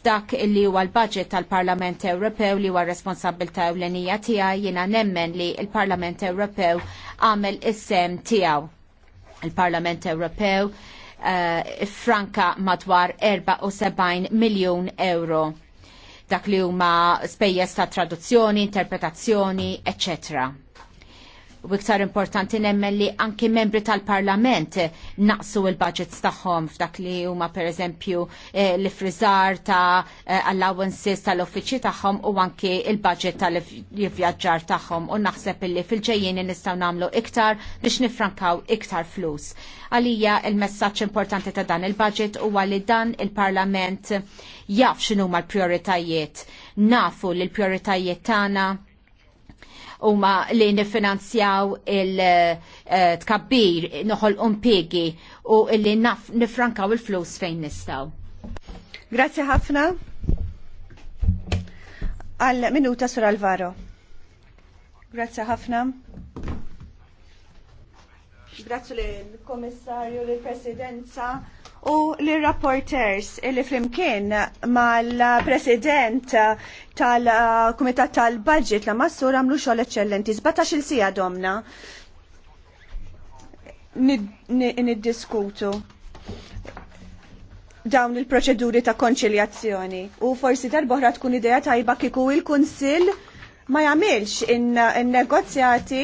[SPEAKER 3] F'dak li huwa l-budget tal-Parlament Ewropew li huwa responsabbiltà ewlenija tiegħi jiena nemmen li l-Parlament Ewropew għamel is-sem tiegħu. Il-Parlament Ewropew eh, franka madwar 74 miljon euro dak li huma spejjeż ta' traduzzjoni, interpretazzjoni, eccetera u iktar importanti nemmen li anki membri tal-parlament naqsu il-budgets tagħhom f'dak li huma pereżempju eżempju eh, l-ifriżar ta' eh, allowances tal-uffiċċji tagħhom u anki il-budget tal-vjaġġar tagħhom u naħseb illi fil-ġejjien nistgħu nagħmlu iktar biex nifrankaw iktar flus. Għalija il-messaġġ importanti ta' dan il-budget huwa li dan il-parlament jaf x'inhuma l-prioritajiet. Nafu li l-prioritajiet tagħna huma li nifinanzjaw il-tkabbir, eh, noħol umpigi u li nifrankaw il-flus fejn
[SPEAKER 4] nistaw. Grazie ħafna. Għal minuta sur Alvaro. Grazie ħafna. Grazzi l-Komissarju, l-Presidenza u l-Rapporters li flimkien mal-President tal-Kumitat tal-Budget la Massur għamlu xogħol eċċellenti. Zbata il sija domna niddiskutu dawn il-proċeduri ta' konċiljazzjoni u forsi tal-boħra tkun ideja tajba kiku il-Kunsill ma jagħmilx in-negozjati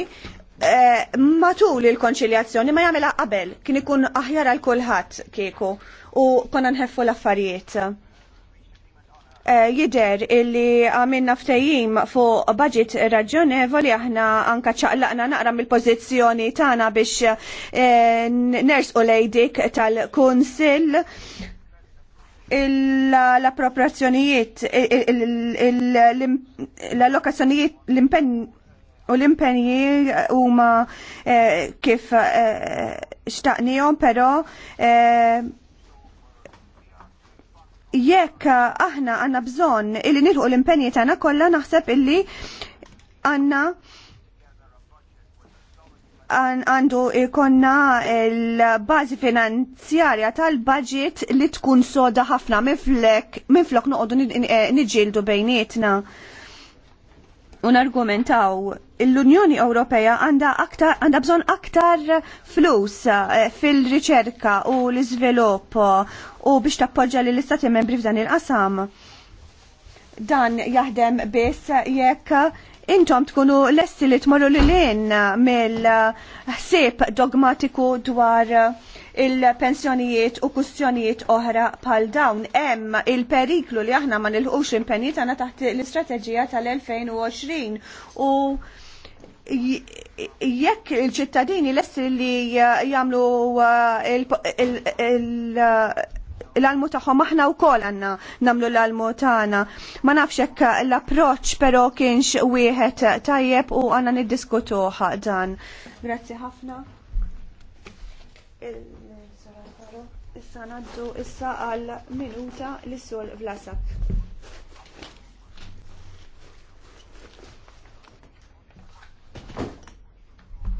[SPEAKER 4] matul il-konċiljazzjoni ma jagħmilha qabel kien ikun aħjar għal kulħadd kieku u konna nħeffu l-affarijiet. Jider illi għamilna ftejjim fuq budget raġjonevoli aħna anka ċaqlaqna naqra mill-pożizzjoni tagħna biex ners u lejdik tal-Kunsill l-appropriazzjonijiet l-allokazzjonijiet l-impenn u l-impenji huma eh, kif eh, xtaqnijom, pero eh, jekk aħna għanna bżon illi nilħu l-impenji tagħna kollha naħseb illi għanna għandu ikonna l-bazi finanzjarja tal-budget li tkun soda ħafna minflok noqogħdu niġġieldu bejnietna un-argumentaw l-Unjoni Ewropea għandha aktar għandha bżonn aktar flus eh, fil-riċerka u l-iżvilupp u biex tappoġġja lill istati membri f'dan il-qasam. Dan jaħdem biss jekk intom tkunu lesti li tmorru lil mill-ħsieb dogmatiku dwar il-pensjonijiet u kustjonijiet oħra pal dawn. Hemm il-periklu li aħna ma nilħux impenni tagħna taħt l-istrateġija tal-2020 u jekk il-ċittadini l-essi li jamlu uh, l-almu taħħom aħna u kol għanna namlu l-almu taħna. Ma nafxek l-approċ pero kienx wieħed tajjeb u għanna niddiskutuħ dan. Grazzi ħafna. Issa naddu issa għal minuta l-sol Vlasak.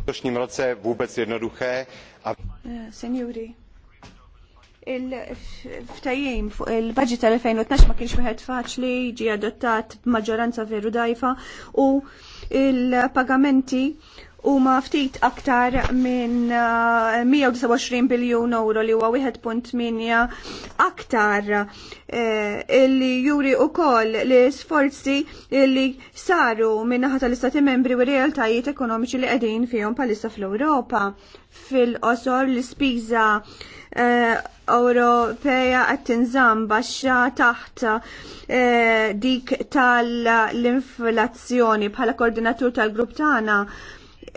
[SPEAKER 1] V roce
[SPEAKER 2] vůbec jednoduché. A...
[SPEAKER 4] Eh, senjuri, il-ftajim fuq il-budget tal-2012 ma kienx wieħed faċli ġi adottat b'maġġoranza veru dajfa u il-pagamenti huma ftit aktar minn 129 eh, biljun euro li huwa 1.8 aktar eh, illi juri u koll li sforzi li saru minnaħa tal-istati membri u realtajiet ekonomiċi li qegħdin fihom palissa fl-Ewropa fil-qosor l-spiża eh, Ewropea qed tinżamm baxxa taħt dik tal-inflazzjoni bħala koordinatur tal-grupp tagħna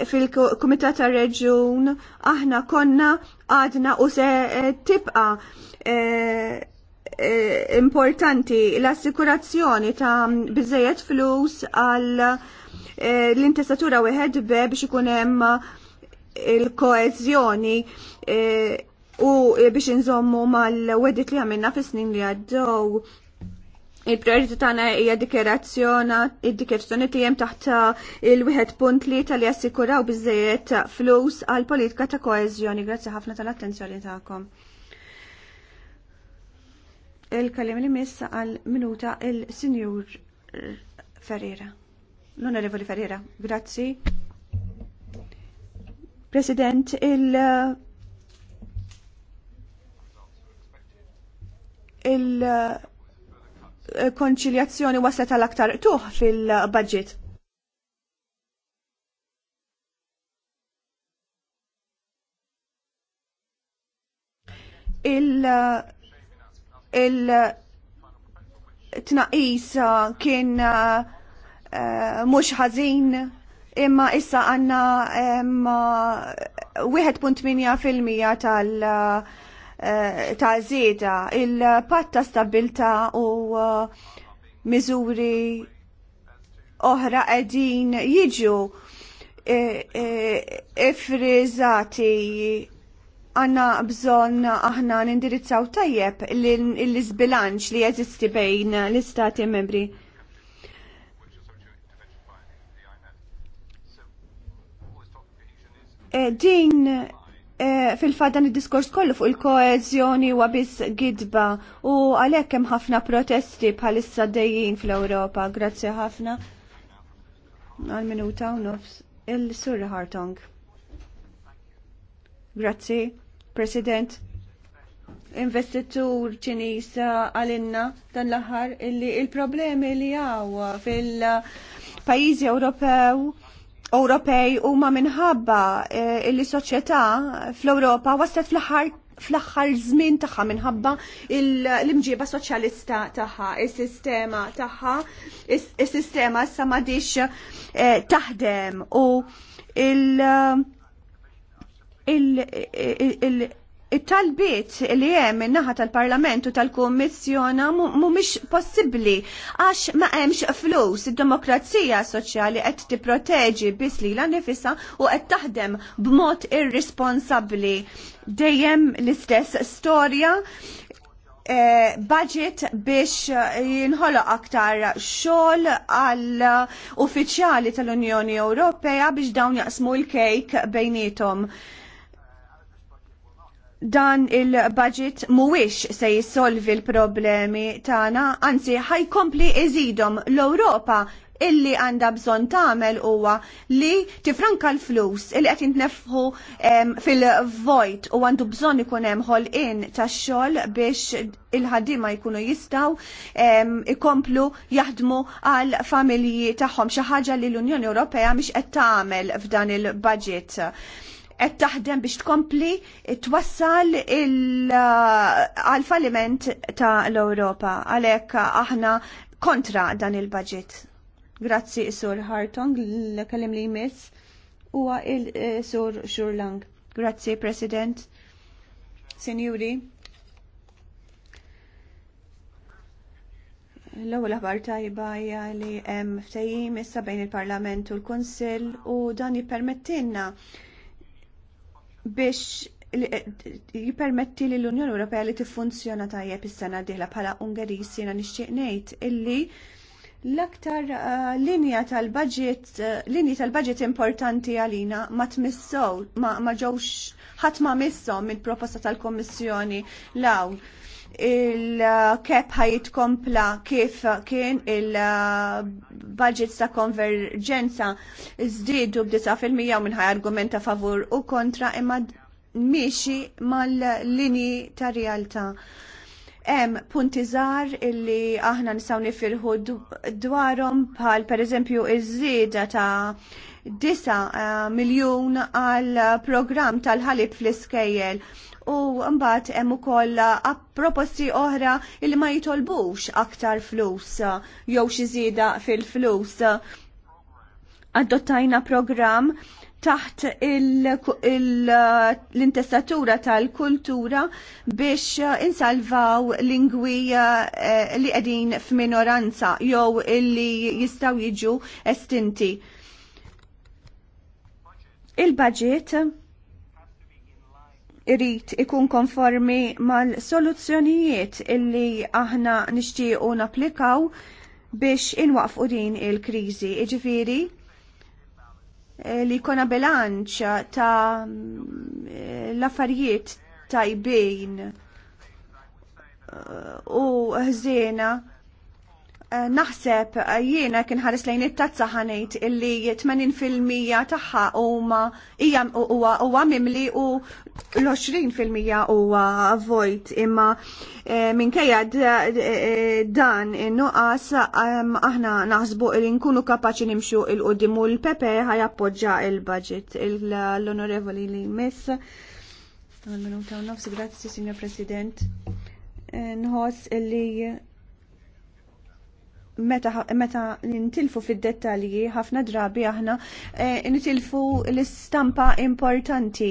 [SPEAKER 4] fil-Kumitat Reġjun aħna konna għadna u se eh, tibqa eh, eh, importanti l-assikurazzjoni ta' bizzejet flus għal l-intestatura wieħed be biex ikun hemm il-koezjoni u biex inżommu mal-wedit li għamilna fis-snin li għaddew Il-priorita tagħna hija dikerazzjona, id-dikerazzjoni tijem taħt il-1.3 li jassikuraw biżejjed flus għal politika ta' koezjoni. Grazzi ħafna tal-attenzjoni tagħkom. Il-kalim li missa għal minuta il-Sinjur Ferreira. L-Onorevoli Ferreira, grazzi. President, il- il- konċiljazzjoni waslet għal aktar tuħ fil-budget. Il- il tnaqis uh, kien uh, uh, mhux ħażin imma issa għandna 1.8 um, fil-mija tal- uh, Eh, ta' zida, il-patta stabilta u eh, miżuri oħra qegħdin jiġu eh, ifrizati għanna bżon aħna nindirizzaw tajjeb l-izbilanċ li jeżisti bejn l-istati membri. Din Eh, fil-fat dan id-diskors kollu fuq il-koezjoni u għabiz gidba u għalhekk hemm ħafna protesti bħalissa dejjin fl-Ewropa. Grazzi ħafna għal-minuta u nofs il-Sur Hartong. Grazzi, President. Investitur ċinis għalinna dan l-aħħar illi il-problemi li għaw fil-pajizi Ewropew Ewropej huma minħabba eh, li soċjetà fl-Ewropa waslet fl-aħħar fl-axħar żmien tagħha minħabba l-imġiba soċjalista tagħha, is-sistema tagħha, is-sistema issa m'għadix eh, taħdem u il- eh, it-talbiet li hemm in-naħa tal-Parlament u tal-Kummissjona mhumiex possibbli għax ma hemmx flus. Id-demokrazija soċjali qed tipproteġi biss li nifisha u qed taħdem b'mod irresponsabbli. Dejjem l-istess storja eh, budget biex jinħolo aktar xol għal uffiċjali tal-Unjoni Ewropea biex dawn jaqsmu l-kejk bejnietom dan il-budget mhuwiex se jissolvi l-problemi tagħna, anzi ħajkompli iżidhom l-Ewropa illi għandha bżonn tagħmel huwa li tifranka l-flus illi qed jintnefħu fil-vojt u għandu bżonn ikun hemm ħolqien tax-xogħol biex il-ħaddiema jkunu jistgħu ikomplu jaħdmu għal familji tagħhom xi ħaġa li l-Unjoni Ewropea mhix qed tagħmel f'dan il-budget qed taħdem biex tkompli twassal uh, għal falliment ta' l-Ewropa għalhekk aħna kontra dan il-budget. Grazzi Sur Hartong l-kellim li jmiss huwa il-Sur eh, Xurlang. Grazzi President. Senjuri. L-ewwel aħbar tajba hija li hemm ftehim issa bejn il-Parlament u l-Kunsill u dan jippermettilna biex eh, jipermetti li l-Unjoni Ewropea li tiffunzjona tajjeb is-sena dieħla bħala Ungeris jiena nixtieq ngħid illi l-aktar eh, linja tal-budget eh, linji tal-budget importanti għalina ma tmissow ma ġewx ħadd ma missom mill proposta tal-Kommissjoni l-hawn il-kep ħajitkompla kif kien il-budget ta' konverġenza zdidu fil-mija minn ħaj argumenta favur u kontra imma miexi mal-lini ta' realtà. Hemm punti żgħar illi aħna nistgħu nifirħu dwarhom bħal pereżempju iż-żieda ta' 9 eh, miljun għal programm tal-ħalib fl-iskejjel u mbagħad hemm ukoll proposti oħra li ma jitolbux aktar flus jew xi żieda fil-flus. Adottajna programm taħt l-intestatura tal-kultura biex insalvaw lingwi eh, li qegħdin f'minoranza jew illi jistgħu jiġu estinti. Il-budget irrit ikun konformi mal-soluzzjonijiet illi aħna nixtiequ naplikaw biex inwaqfu din il-kriżi. Iġifiri, eh, li jkollna bilanċ ta' mm, l-affarijiet tajbin eh, u ħżiena Eh, naħseb eh, jiena kien ħares lejn it-tazza ħanejt illi 80% tagħha huma hija huwa huwa mimli u l-20% huwa vojt imma eh, minkejja dan in-nuqas aħna naħsbu li nkunu kapaċi nimxu il qudiem u l-Pepe ħajappoġġa il-budget l-Onorevoli li miss. Minuta u grazzi, Signor President. Nħoss illi meta, meta nintilfu fid-dettalji ħafna drabi aħna eh, nitilfu l-istampa importanti.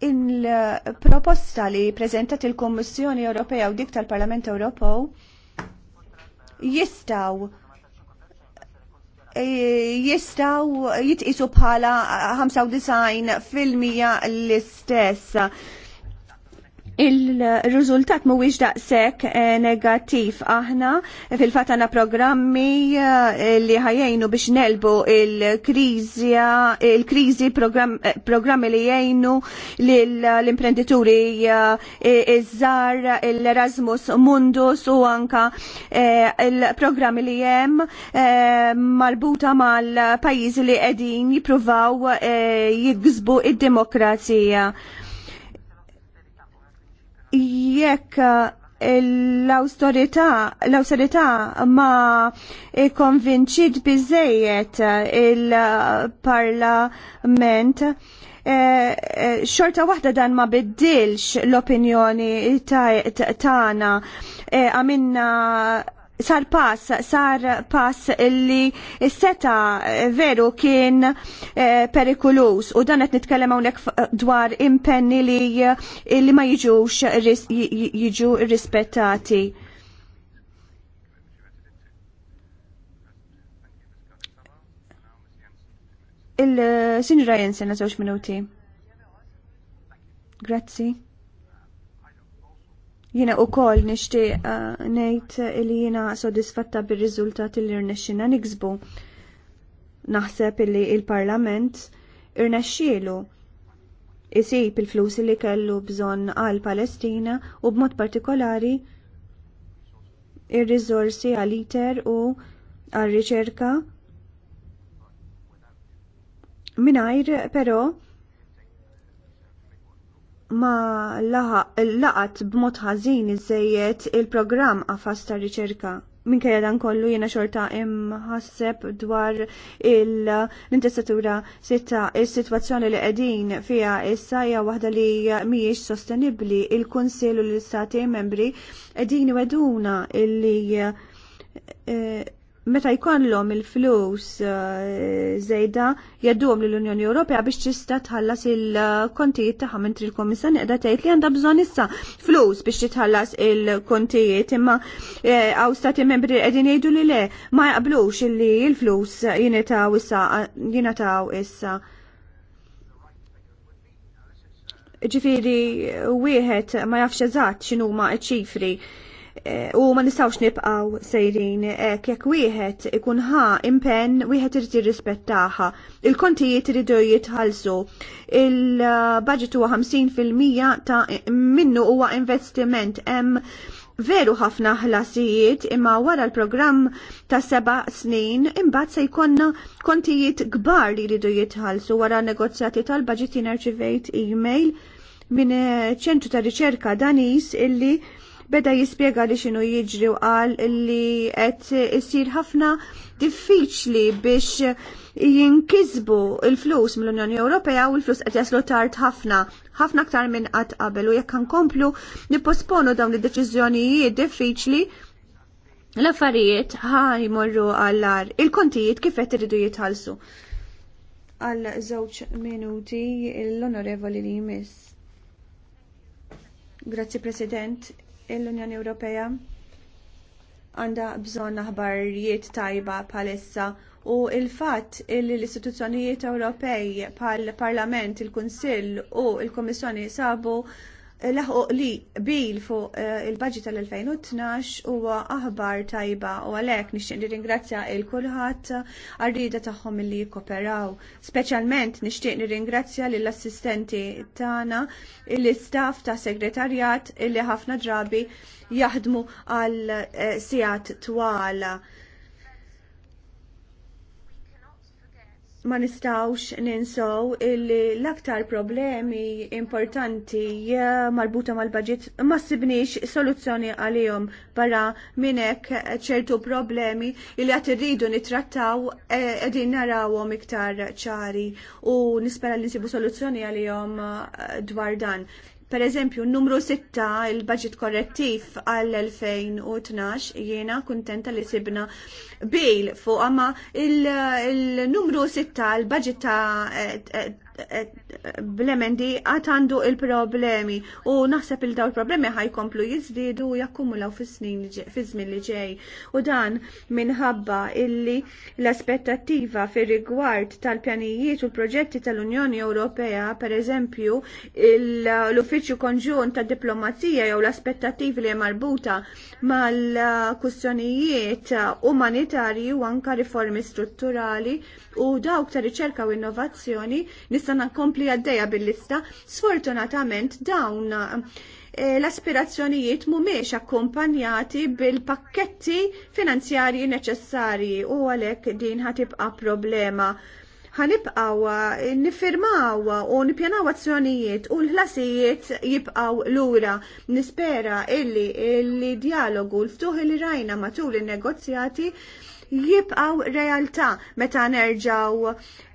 [SPEAKER 4] Il-proposta li prezentat il-Kommissjoni Ewropea u dik tal-Parlament Ewropew jistaw eh, jistaw jitqisu bħala 95% l-istess il-riżultat mhuwiex daqshekk eh, negattiv aħna fil fatana programmi eh, li ħajajnu biex nelbu il-kriżi il-kriżi eh, programmi li jgħinu l-imprenditori iż-żar l-Erasmus Mundus u anka il-programmi li hemm marbuta mal-pajjiżi li qegħdin jippruvaw jigżbu id-demokrazija jekk eh, l-autorità l-autorità ma konvinċit bizzejiet eh, il-parlament eh, xorta waħda dan ma biddilx l-opinjoni tagħna ta ta għamilna sar pass, sar pass illi s-seta eh, veru kien eh, perikulus u dan qed nitkellem hawnhekk dwar impenni li, illi eh, ma jiġux jiġu rispettati. Il-Sinjura eh, Jensen, għazawx minuti. Grazzi. Jina u kol nishti uh, nejt li jina sodisfatta bil-rizultat li rnexxina niksbu. Naħseb li il-parlament irnexxielu isib il-flus li kellu bżon għal Palestina u b'mod partikolari ir-riżorsi għal iter u għal riċerka minajr però ma laqat b'mod ħażin iżejjed il-programm għafas ta' riċerka. Minkejja dan kollu jiena xorta imħasseb dwar l-intestatura sitta is-sitwazzjoni li qegħdin fiha issa hija waħda li mhijiex sostenibbli il-Kunsill u l-Istati membri qegħdin iweduna illi eh, meta jkollhom il-flus żejda eh, jadduhom lill unjoni Ewropea biex tista' tħallas il-kontijiet tagħha mentri l-Kommissjoni qiegħda tgħid li għandha bżonn issa flus biex titħallas il-kontijiet imma eh, hawn stati membri qegħdin jgħidu li le ma jaqblux illi l-flus jingħataw issa jingħataw issa. Ġifieri wieħed ma jafx eżatt x'inhuma ċ-ċifri Eh, u ma nistawx nibqaw sejrin kjek eh, wieħed ikun ha impenn wieħed irid jirrispettaha. Il-kontijiet iridu jitħallsu. Il-budget huwa 50% ta' minnu huwa investiment hemm veru ħafna ħlasijiet imma wara l-programm ta' seba snin imbagħad se jkollna kontijiet kbar li jridu jitħallsu wara negozjati tal-budget jiena email minn ċentru ta' riċerka Danis illi beda jispjega li xinu jiġri u qal li qed isir ħafna diffiċli biex jinkisbu il-flus mill-Unjoni Ewropea u l-flus qed jaslu tard ħafna ħafna aktar minn qatt qabel u jekk nkomplu nipposponu dawn id-deċiżjonijiet diffiċli l-affarijiet ħaj morru għallar il-kontijiet kif qed iridu jitħallsu. Għal żewġ minuti l-onorevoli li jmiss. Grazzi President, l-Unjoni Ewropea għandha bżonn aħbarijiet tajba bħalissa u l fatt li l-istituzzjonijiet Ewropej bħall parlament il-Kunsill u l-Kummissjoni sabu laħuq li bil fuq eh, il-budget tal-2012 huwa aħbar tajba u għalhekk nixtieq nirringrazzja il kulħadd għarrida tagħhom li jikkoperaw. Speċjalment nixtieq nirringrazzja lill assistenti tagħna il-istaff ta' segretarjat illi ħafna drabi jaħdmu għal eh, sigħat twala. ma nistawx ninsow illi l-aktar problemi importanti eh, marbuta mal-budget ma sibniex soluzzjoni għalihom barra minnek eh, ċertu problemi illi għat irridu nitrattaw edin eh, narawhom iktar ċari u nispera li nsibu soluzzjoni għalihom dwar dan. Per eżempju, numru 6 il-budget korrettiv għall-2012 jiena kontenta li sibna bil fuq, amma il-numru 6 il-budget ta' eh, eh, blemendi għat għandu il-problemi u naħseb il daw il-problemi ħajkomplu jizdidu u jakkumulaw fis snin fi żmien li ġej. U dan minħabba illi l-aspettattiva fir rigward tal-pjanijiet u l-proġetti tal-Unjoni Ewropea, per eżempju, l-Uffiċċju Konġun tad Diplomazija jew l-aspettattivi li marbuta mal-kustjonijiet umanitarji u anka riformi strutturali u dawk ta' riċerka u innovazzjoni nista' nkompli għaddejja bil-lista. Sfortunatament dawn eh, l-aspirazzjonijiet mhumiex akkumpanjati bil-pakketti finanzjarji neċessarji u għalhekk din ħatibqa' problema ħanibqaw eh, nifirmaw u nipjanaw azzjonijiet u l-ħlasijiet jibqaw lura. Nispera illi il-dialogu l-ftuħ li rajna matul il-negozjati jibqaw realtà meta nerġaw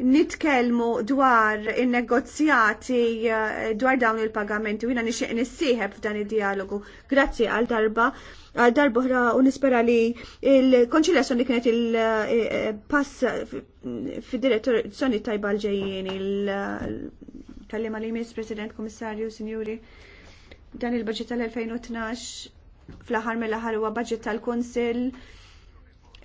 [SPEAKER 4] nitkellmu dwar in-negozjati eh, dwar dawn il-pagamenti u jiena nixtieq nissieħeb f'dan id-dialogu. Grazzi għal darba għal darbohra u nispera li il-konċiljazzjoni li kienet il-pass direttor direzzjoni tajba l-ġejjien il-kallima li jmiss President Komissarju Sinjuri dan il-budget tal-2012 fl-aħħar mill ħar huwa budget tal-Kunsill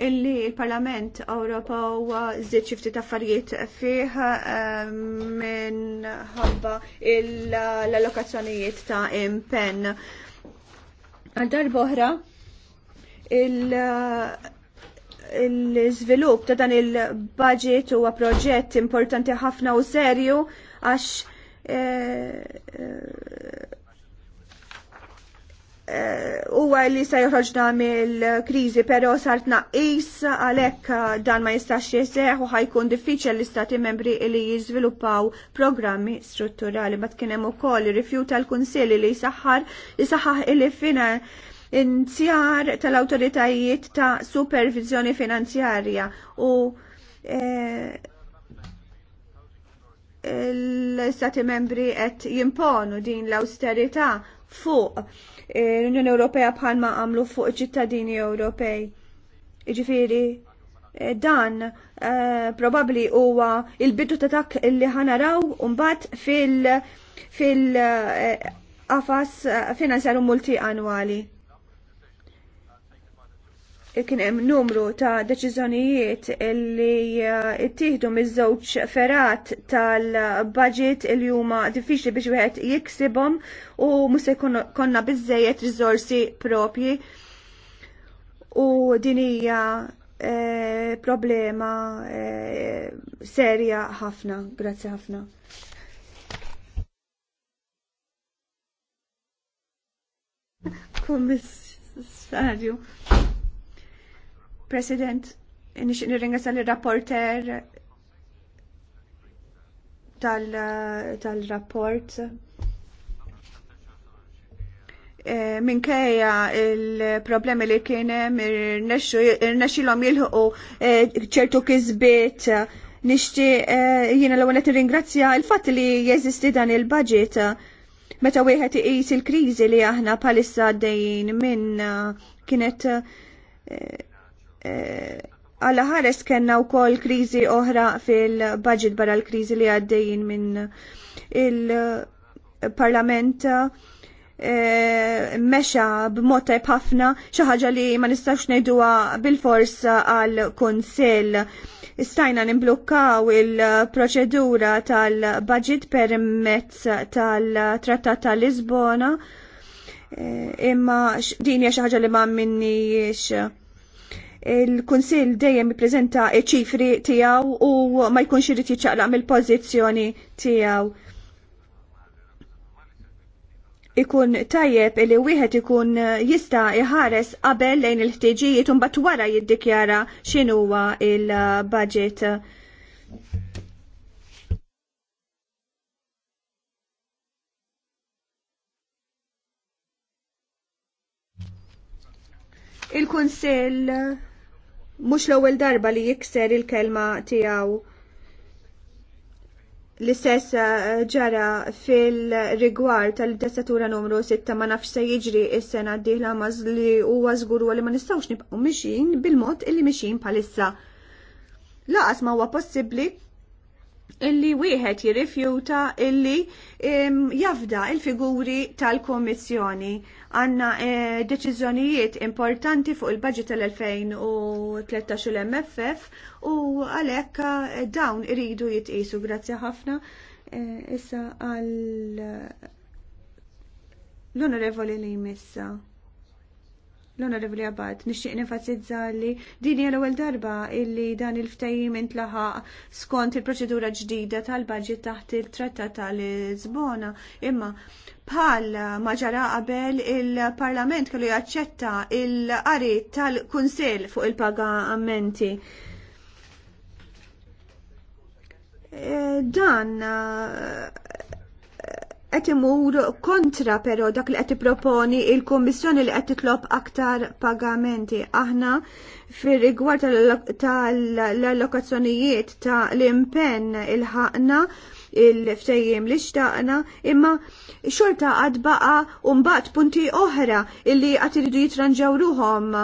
[SPEAKER 4] illi il-Parlament Ewropew żied xi ftit affarijiet fih ehm, minħabba l-allokazzjonijiet ta' impenn. Għal darboħra il- l-izvilup ta' dan il-budget huwa proġett importanti ħafna u serju għax eh, huwa li se joħroġna mill-kriżi, però sar tnaqqis għalhekk dan ma jistax jeseħ u ħajkun diffiċli l-istati membri li jiżviluppaw programmi strutturali. Ma tkien hemm ukoll rifjuta l-Kunsilli li jsaħħar jisaħħaħ il fina inzjar tal-awtoritajiet ta' supervizjoni finanzjarja u eh, l-istati membri qed jimponu din l-austerità fuq eh, l-Unjoni Ewropea bħalma għamlu fuq ċittadini Ewropej. Ġifiri, eh, dan eh, probabli huwa il-bidu ta' tak li ħanaraw mbagħad fil- fil- qafas finanzjaru multi annwali kien hemm numru ta' deċiżjonijiet li eh, ttieħdu miż-żewġ ferat tal-budget li huma diffiċli biex wieħed jiksibhom u mhux se konna biżejjed riżorsi propji. U din hija eh, problema eh, serja ħafna. Grazzi ħafna. Kommissarju. President, nix nirringrazza l-rapporter tal-rapport. Tal eh, E, minkejja il-problemi li kienem irnexxilhom jilħu eh, ċertu e, kisbiet nixti eh, jiena l għonet ringrazzja il-fatt li jeżisti dan il-budget meta wieħed iqis il-kriżi li aħna bħalissa għaddejjin minn kienet għalla eh, ħares kena u kol krizi oħra fil-budget barra l-krizi li għaddejjin minn il-parlament eh, meċa b'mod ħafna xi ħaġa li ma nistax ngħiduha bil-fors għal kunsell. Istajna nimblukkaw il-proċedura tal-budget permezz tal-Trattat tal-Lisbona eh, imma din hija xi ħaġa li ma minniex il-Kunsill dejjem jippreżenta ċifri tiegħu u ma jkunx irid jiċċaqlaq mill-pożizzjoni tiegħu. Ikun tajjeb li wieħed ikun eh, jista' iħares qabel lejn il-ħtiġijiet u mbagħad wara jiddikjara x'inhuwa il-budget. il-Kunsell Mhux l-ewwel darba li jikser il-kelma tiegħu l-istess eh, ġara fil-rigward tal-dessatura numru 6 ma nafx se jiġri is-sena d-dieħla maż li huwa żgur li ma nistgħux nibqgħu mixin bil-mod illi mixin bħalissa. Laqas ma huwa possibbli illi wieħed jirrifjuta illi jafda il-figuri tal kommissjoni Għanna eh, deċiżjonijiet importanti fuq il-budget tal-2013 l-MFF u għalhekk e, dawn iridu jitqisu. Grazzi ħafna. Eh, issa għal l-onorevoli li jmissa l-Onorevoli Abad, nixtieq nenfasizza li din hija l-ewwel darba illi dan il-ftehim intlaħaq skont il-proċedura ġdida tal-baġit taħt il-Trattat tal-Lisbona. Imma bħal ma ġara qabel il-Parlament kellu jaċċetta il-qari tal-Kunsill fuq il-pagamenti. Eh, dan qed imur kontra però dak li qed proponi il-Kummissjoni li qed titlob aktar pagamenti. Aħna fir-rigward tal-allokazzjonijiet ta' l-impenn il-ħaqna il-ftejjem li xtaqna, imma xorta għad baqa mbagħad punti oħra illi għat iridu jitranġaw ruħom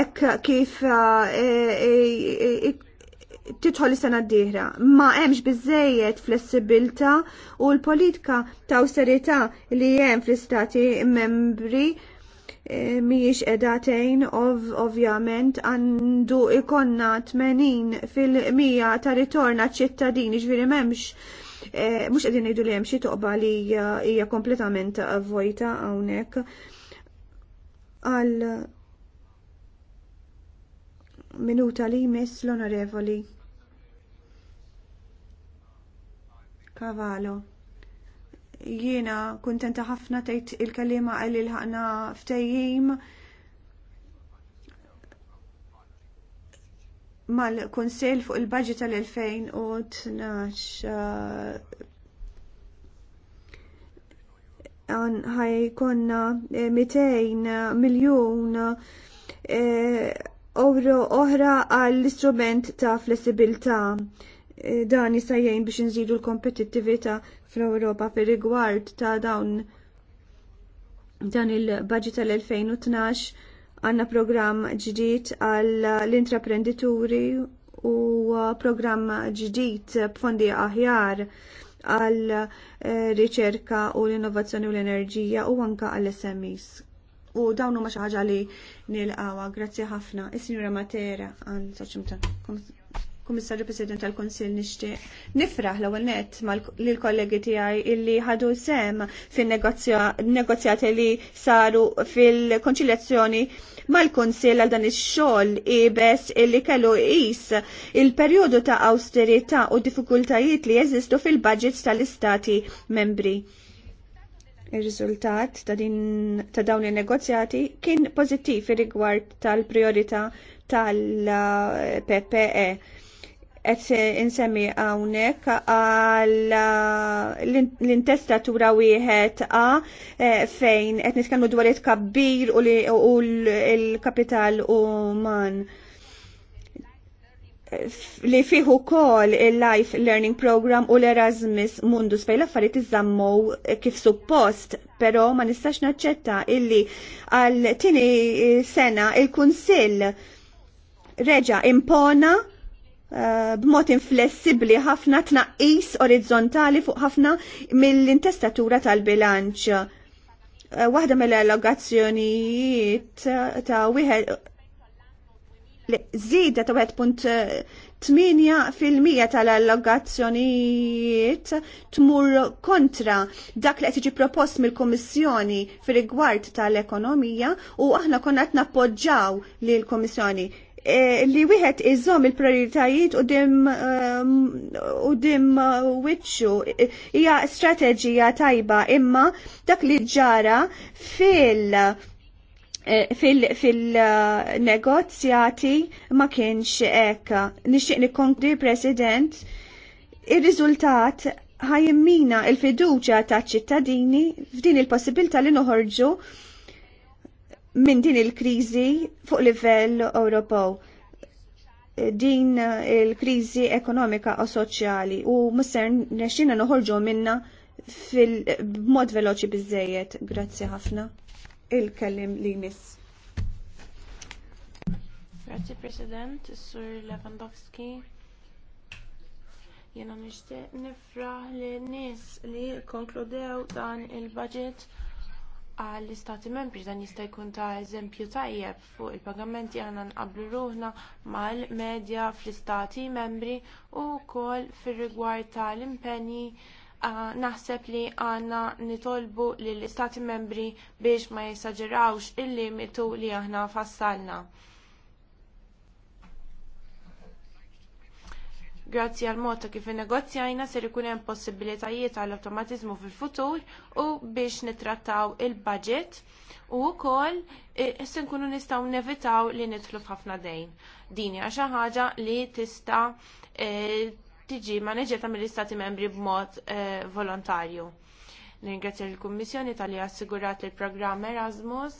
[SPEAKER 4] ek kif eh, eh, eh, titħol is-sena d dihra Ma hemmx bizzejiet flessibilità u l-politika ta' awsterità li hemm fl-istati membri eh, miex edatejn ov ovvjament għandu ikonna 80 fil-mija ta' ritorna ċittadini ġviri memx eh, mux għedin idu li hemm xi toqba li hija kompletament vojta hawnhekk għal Minuta li jmiss l-onorevoli. Cavallo. Jiena kuntenta ħafna tgħid il kelliema għalli l-ħana ftejjim mal-Kunsill fuq il-budget tal-2012 għan ħajkonna 200 eh, miljon eh, oħra għall-istrument ta' flessibilità e, dan jista' jgħin biex nżidu l-kompetittività fl-Ewropa fir rigward ta' dawn dan il-budget tal-2012 għandna programm ġdid għall intraprendituri u programm ġdid b'fondi aħjar għall riċerka u l-innovazzjoni u l-enerġija u anke għall-SMEs u dawnu ma xaħġa li nil għawa Grazzi ħafna. Is-Sinjura Matera, għan soċimta, Komissarju President tal-Konsil nixtieq. Nifraħ l net nett lill-kollegi tiegħi illi ħadu sem fin-negozjati li saru fil-konċiljazzjoni mal-Konsil għal dan ix-xogħol ibes illi kellu qis il-perjodu ta' austerita u diffikultajiet li jeżistu fil-budgets tal-istati membri. Ir-riżultat ta' din ta' dawn in-negozjati kien pożittiv rigward tal-priorità tal-PPE. Qed insemmi hawnhekk għal l-intestatura wieħed A eh, fejn qed nitkellmu dwar it-kabbir u l-kapital uman li fiħu kol il-Life Learning Program u l-Erasmus Mundus fej laffariet iżammu kif suppost, pero ma nistax naċċetta illi għal tini sena il-Kunsill reġa impona eh, b'mod inflessibli ħafna tnaqqis orizzontali fuq ħafna mill-intestatura tal-bilanċ. Eh, waħda mill-allogazzjonijiet ta' wieħed zida ta' 1.8% eh, tal-allogazzjonijiet tmur kontra dak li qed jiġi propost mill-Kummissjoni fir-rigward tal-ekonomija u aħna konna qed nappoġġaw lill-Kummissjoni eh, li wieħed iżom il-prioritajiet u dim eh, u dim wiċċu hija strateġija tajba imma dak li ġara fil- Eh, fil-negozjati eh, ma kienx ekka. Nixtieq nikkonkli President, ir-riżultat ħajimmina il-fiduċa ta' ċittadini f'din il-possibilità li noħorġu minn din il-kriżi fuq livell Ewropew. Din il-kriżi ekonomika u soċjali u musser nexxina noħorġu minna fil-mod veloċi biżejjed. Grazzi ħafna il-kellim li nis.
[SPEAKER 2] Grazie President, Sur Lewandowski. Jena nishtiq nifra li nis li konkludew dan il-budget għall-istati membri dan jista' jkun ta' eżempju tajjeb fuq il-pagamenti għandna nqabblu ruħna mal-medja fl-istati membri u wkoll fir-rigward tal-impenji naħseb li għandna nitolbu lill istati membri biex ma jisaġirawx il-limitu li aħna fassalna. Grazzi għal mod ta' kif negozjajna ser ikun hemm possibilitajiet għall awtomatiżmu fil-futur u biex nittrattaw il-budget u wkoll e, se nkunu nistgħu nevitaw li nidħlu f'ħafna dejn. Dini għaxa ħaġa li tista' e, tiġi maneġeta mill-Istati membri b'mod eh, volontarju. Ringrazzja l-Kummissjoni tal-li assigurat li l-programm Erasmus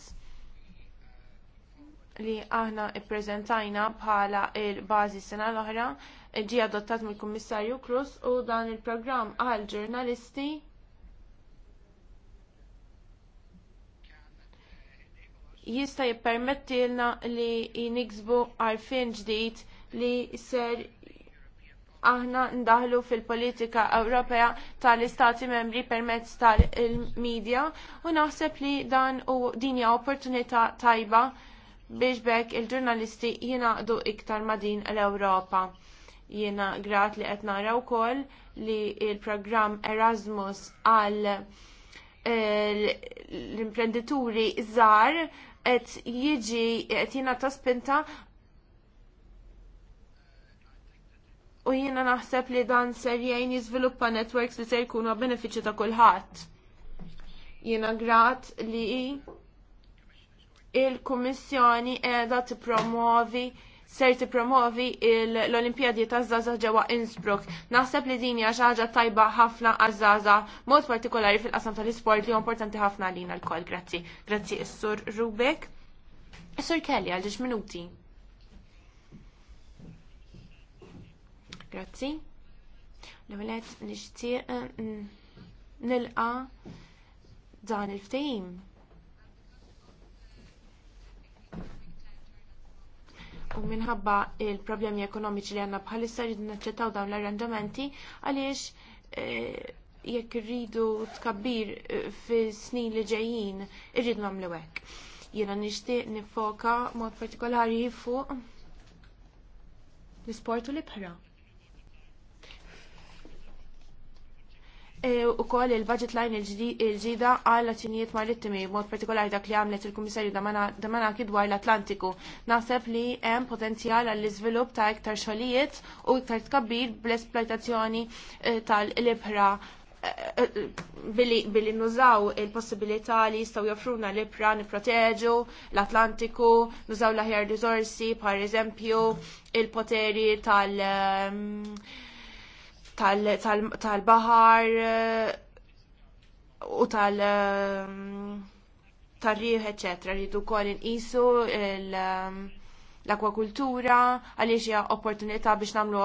[SPEAKER 2] li aħna ippreżentajna bħala il-bażi sena l-oħra eh, ġie adottat mill-Kummissarju Cruz u dan il-programm għal ġurnalisti jista' jippermettilna li niksbu għarfien ġdid li ser aħna ndaħlu fil-politika Ewropea tal-Istati membri permezz tal-medja u naħseb li dan u dinja opportunità tajba biex bekk il-ġurnalisti jinaqdu iktar ma' din l-Ewropa. Jiena grat li qed nara wkoll li il-programm Erasmus għal eh, l-imprenditori żgħar qed jiġi qed jingħata spinta u jiena naħseb li dan ser jgħin jiżviluppa networks li ser jkunu benefiċi ta' kulħadd. Jiena grat li il-Kummissjoni qiegħda tippromovi ser tippromovi l olimpijadi ta' Zaza ġewwa Innsbruck. Naħseb li din hija xi ħaġa tajba ħafna għaż-żaza, mod partikolari fil-qasam tal-isport li huwa importanti ħafna lina l-kol. Grazzi. Grazzi is-Sur Rubek. Is-Sur Kelly għal minuti. Grazzi. L-għamilet nishtiq mm, nilqa dan il-ftejim. U minħabba il-problemi ekonomiċi li għanna bħalissa rridu naċċettaw dawn l-arranġamenti għaliex eh, jekk rridu tkabbir eh, fi snin li ġejjin irridu nagħmlu hekk. Jiena nixtieq nifoka mod partikolari fuq l-isport u l-ibħra. E, u koll il-budget line il ġida għal azzjonijiet marittimi, mod partikolari dak li għamlet il-Kummissarju damana dwar l-Atlantiku. Naħseb li hemm potenzjal għall iżvilupp ta' iktar xogħlijiet u iktar tkabbir bl-esploitazzjoni e, tal-libra e, billi nużaw il-possibilità li jistaw joffruna l-ibra niproteġu l-Atlantiku, nużaw l-ħjar risorsi, par eżempju, il-poteri tal- um, tal-bahar eh, u tal- eh, tar-riħ, eccetera. Rridu wkoll inqisu eh, l-akwakultura għaliex hija opportunità biex nagħmlu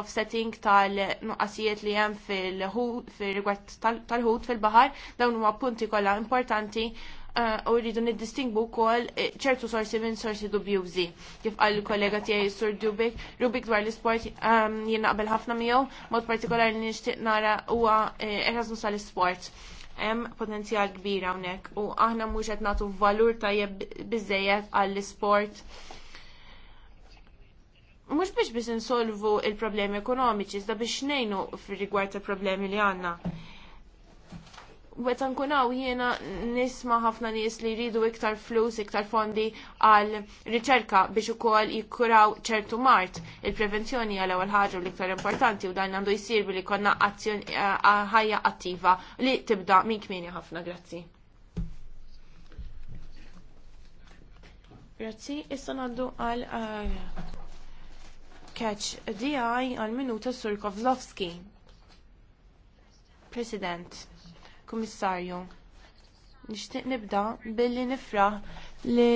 [SPEAKER 2] offsetting tal-nuqqasijiet li hemm fil-ħut tal-ħut fil-baħar dawn huma punti kollha importanti Eh, u rridu niddistingbu wkoll eh, ċertu sorsi minn sorsi dubjużi. Kif qal kollega tiegħi Sur Dubik, Rubik dwar l-isport ehm, jien naqbel ħafna miegħu, mod partikolari li nixtieq nara huwa eh, Erasmus għall-isport. Hemm potenzjal kbir hawnhekk u aħna mhux qed nagħtu valur tajjeb biżejjed għall-isport mux biex biex insolvu il-problemi ekonomiċi, iżda biex nejnu fil-rigward il-problemi li għanna weta nkun hawn jiena nisma' ħafna nies li jridu iktar flus, iktar fondi għal riċerka biex ukoll jikkuraw ċertu mart. Il-prevenzjoni għal ewwel ħaġa u l-iktar importanti u dan għandu jsir billi konna ħajja attiva li tibda minn kmieni ħafna grazzi. Grazzi, issa ngħaddu għal catch DI għal minuta Sur President. Kummissarju, nixtieq nibda billi nifraħ li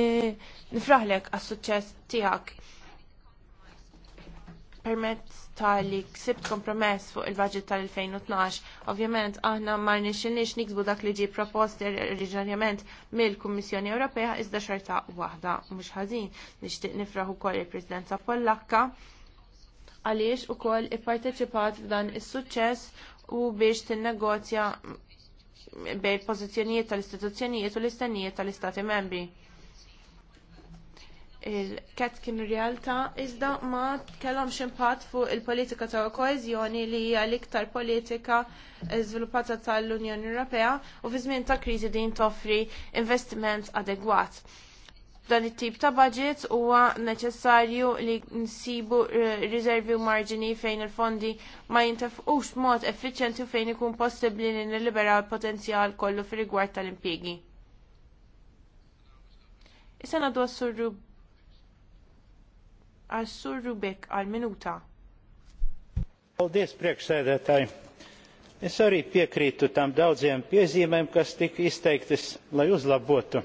[SPEAKER 2] nifraħlek għas-suċċess tiegħek permezz tal-li ksibt kompromess fuq il-budget tal-2012. Ovvjament, aħna ma nixilniex niksbu dak li ġie propost oriġinarjament mill-Kummissjoni Ewropea iżda xorta waħda mhux ħażin. Nixtieq nifraħ ukoll il-Presidenza Pollakka għaliex ukoll ipparteċipat f'dan is-suċċess u biex tinnegozja bej pożizzjonijiet tal-istituzzjonijiet u l-istennijiet tal-istati membri. il kett kien realtà iżda ma kellhomx impatt fuq il-politika ta' koeżjoni li hija l-iktar politika żviluppata tal-Unjoni Ewropea u fi żmien ta' kriżi din toffri investiment adegwat dan it-tip ta' budget huwa neċessarju li nsibu eh, riservi u marġini fejn il-fondi ma jintafqux mod effiċjenti u fejn ikun possibli li nillibera l-potenzjal kollu fir rigward tal-impjiegi. Issa nagħdu għassurru għassurru għas bekk għal-minuta.
[SPEAKER 4] Paldies priekšsēdētāji. Es
[SPEAKER 1] arī piekrītu tam ma piezīmēm, kas tika la juzla uzlabotu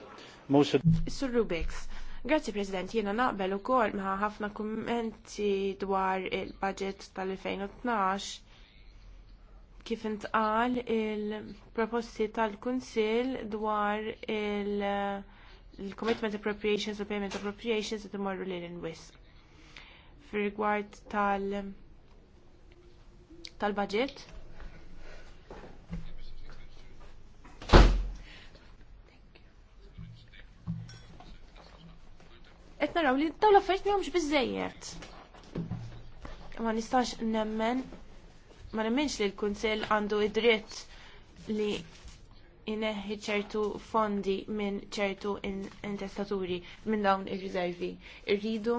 [SPEAKER 2] Sur Rubix, Grazie President, jiena naqbel ukoll maħa ħafna kummenti dwar il-budget tal-2012 kif intqal il-proposti tal-Kunsill dwar il-Commitment Appropriations u Payment Appropriations li li lil inwis. Fir rigward tal- tal-budget, qed naraw li dawn l-affarijiet m'hemmx biżejjed. Ma nistax nemmen ma nemmenx li l-Kunsell għandu id-dritt li jneħħi ċertu fondi minn ċertu intestaturi minn dawn ir rizervi Irridu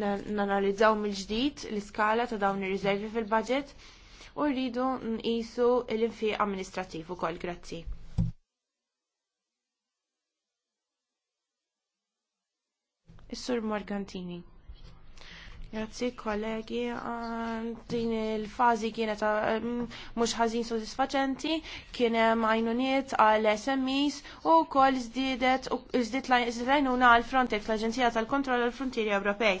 [SPEAKER 2] nanalizzaw mill-ġdid l-iskala ta' dawn ir-riservi fil-budget u rridu nqisu l-infiq amministrattiv ukoll grazzi. Is-Sur Morgantini. Grazzi kollegi, din il-fazi kienet mm, mhux ħażin sodisfaċenti, kien hemm għajnuniet għal SMEs u wkoll żdiedet żdiet għajnuna għal Frontex, l-Aġenzija tal-Kontroll għall frontieri Ewropej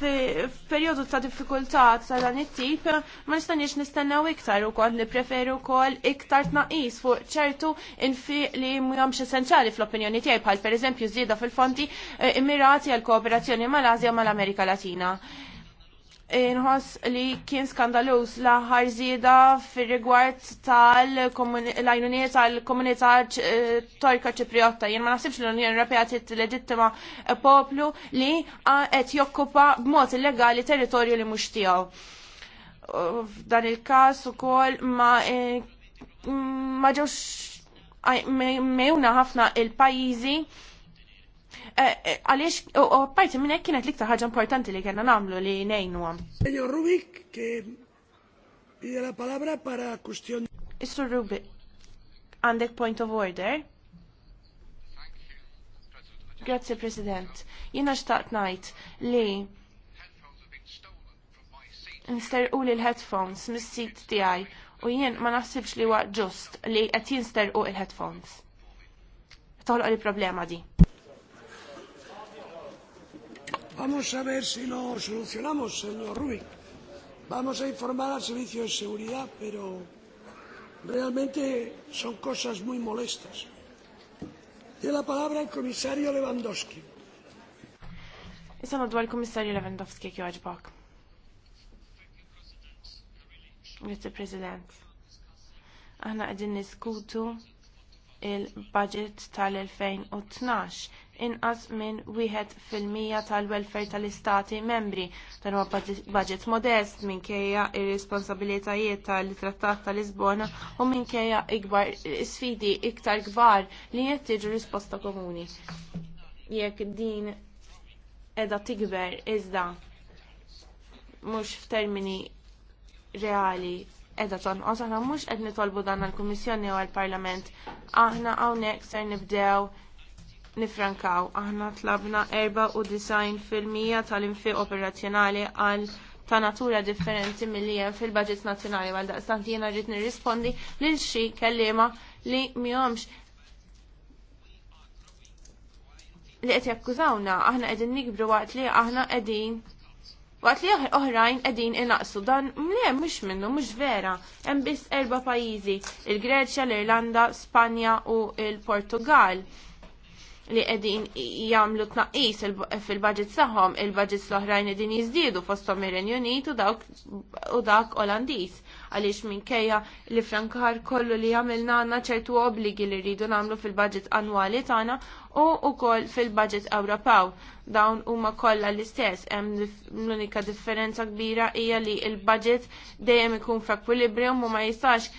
[SPEAKER 2] f-periodu ta' diffikultà ta' dan it-tip ma nistaniex nistennaw iktar kol li preferu wkoll iktar tnaqis fuq ċertu infi li mhumx essenzjali fl-opinjoni tiegħi bħal pereżempju żieda fil-fonti eh, immirati għal kooperazzjoni mal azja mal-Amerika Latina. Inħoss li kien skandalus la ħarżida fir-rigward tal-għajnuniet tal-komunità eh, Torka Ċipriotta. Jien ma nasibx l-Unjoni Ewropea tilleġittima poplu li ah, qed jokkupa b'mod illegali territorju li mhux tiegħu. F'dan il-każ ukoll ma eh, ma ġewx mejuna ħafna il-pajjiżi Eh, eh, għaliex, u parti minn kienet liktar ħaġa importanti li kena namlu li nejnu għam.
[SPEAKER 4] Senjor Rubik, pide la palabra para kustjon.
[SPEAKER 2] Issu Rubik, għandek point of order. Grazie, President. Jina xtaqt najt li nsterqu li l-headphones mis-sit tiegħi u jien ma naħsibx li huwa ġust li qed jinsterqu il-headphones. Toħloq li problema di.
[SPEAKER 4] Vamos a ver si lo solucionamos, señor Rubik. Vamos a informar al servicio de seguridad, pero realmente son cosas muy molestas. Tiene la palabra el comisario Lewandowski.
[SPEAKER 2] Es el actual comisario Lewandowski que hoy va. Mr. President, aħna għedin niskutu il-budget tal-2012 inqas minn wieħed fil-mija tal-welfare tal-istati membri dan huwa budget modest minkejja ir-responsabilitajiet tal-Trattat tal-Lisbona u minkejja ikbar sfidi iktar kbar li qed tiġu risposta komuni. Jekk din edha tikber iżda mhux f'termini reali edha tonqos aħna mhux qed nitolbu dan għall-Kummissjoni u għall-Parlament. Aħna hawnhekk ser nibdew nifrankaw. Aħna tlabna 94% tal-infi operazzjonali għal ta' natura differenti milli hemm fil-budget nazzjonali għal daqstant jiena rrid nirrispondi lil xi kelliema li mihomx li qed jakkużawna aħna qegħdin nikbru waqt li aħna qegħdin Waqt li oħrajn qegħdin inaqsu dan le mhux minnu mhux vera. Hemm biss erba' pajjiżi, il-Greċja, l-Irlanda, Spanja u l-Portugal li qegħdin jagħmlu tnaqqis fil budgets tagħhom, il-budgets l-oħrajn qegħdin jiżdiedu fosthom ir-Renju Unit u dawk u dak Olandiż għaliex minkejja li frankar kollu li għamilna għandna ċertu obbligi li rridu nagħmlu fil-budget annwali tagħna u wkoll fil-budget Ewropew. Dawn huma kollha l-istess, hemm l-unika differenza kbira hija li l-budget dejjem ikun f'ekwilibrium u ma jistax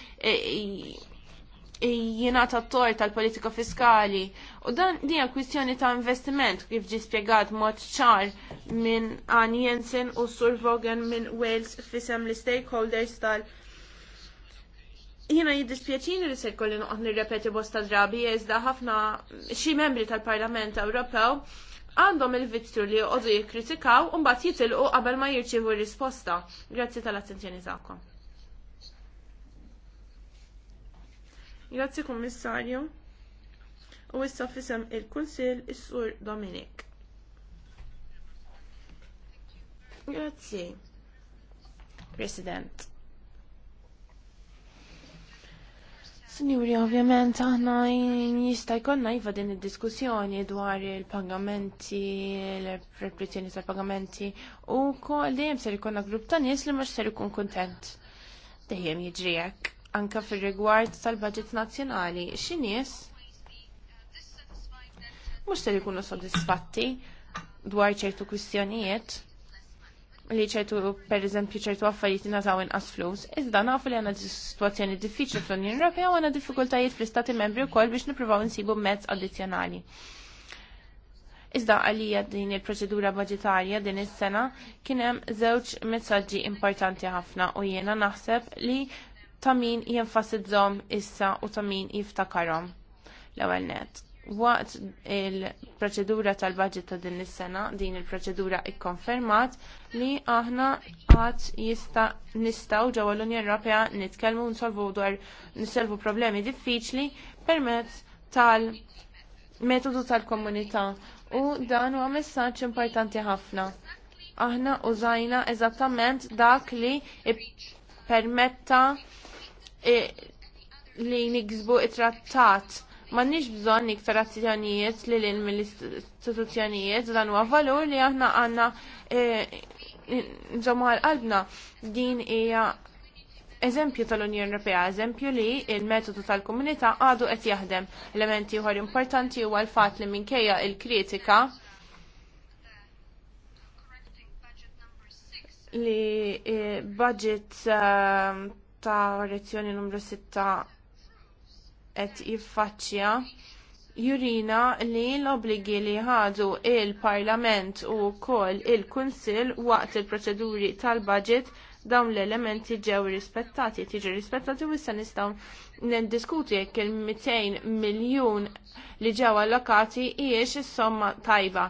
[SPEAKER 2] jiena t-tor tal-politika fiskali u dan dija kwistjoni ta' investiment kif ġi spiegat mod ċar minn Ann Jensen u Sur Vogan minn Wales fisem li stakeholders tal- Jena jiddispjaċini li se kollin noqgħod nirrepeti bosta drabi iżda ħafna xi membri tal-Parlament Ewropew għandhom il-vittru li joqogħdu jikkritikaw u mbagħad jitilqu qabel ma jirċievu risposta. Grazzi tal-attenzjoni tagħkom. Grazzi Kummissarju. U issa fisem il-Kunsil is-Sur Dominik. Grazzi. President. Signori, ovvjament, aħna jista' jkollna iva din id-diskussjoni dwar il-pagamenti, l-reprezjoni tal-pagamenti u kol dejjem ser ikollna grupp ta' nies li mhux ser ikun kuntent. Dejjem jiġri hekk anka fir rigward tal-budget nazzjonali, x'inies mhux se jkunu sodisfatti dwar ċertu kwistjonijiet li ċertu per eżempju ċertu affarijiet nataw inqas flus, iżda nafu li għandna situazzjoni diffiċli fl-Unjoni Ewropea u għandna diffikultajiet fl-Istati Membri wkoll biex nippruvaw insibu mezz addizzjonali. Iżda għalija din il-proċedura budgetarja din is-sena kien hemm żewġ messaġġi importanti ħafna u jiena naħseb li ta' min jenfasidżom issa u ta' min jiftakarom l-ewwel net. Waqt il-proċedura tal-budget ta' din is-sena, din il-proċedura ikkonfermat li aħna għad jista nistaw ġewwa l-Unjoni Ewropea nitkellmu nsolvu dwar nisolvu problemi diffiċli permezz tal-metodu tal-komunità u dan huwa messaġġ importanti ħafna. Aħna użajna eżattament dak li permetta li nikzbu it-trattat ma nix bżon iktar azzjonijiet li l mill-istituzzjonijiet dan huwa valur li aħna għanna e, nżommu għal-qalbna din hija eżempju tal-Unjoni Ewropea, eżempju li il-metodu tal-komunità għadu qed jaħdem. Elementi ieħor importanti huwa l-fatt li minkejja il-kritika li e, budget ehm, ta' lezzjoni numru 6 qed jiffaċċja jurina li l-obligi li ħadu il-Parlament u wkoll il-Kunsill waqt il-proċeduri tal-budget dawn l-elementi ġew rispettati, tiġi rispettati u issa nistgħu diskuti jekk il-200 miljun li ġew allokati hijiex is-somma tajba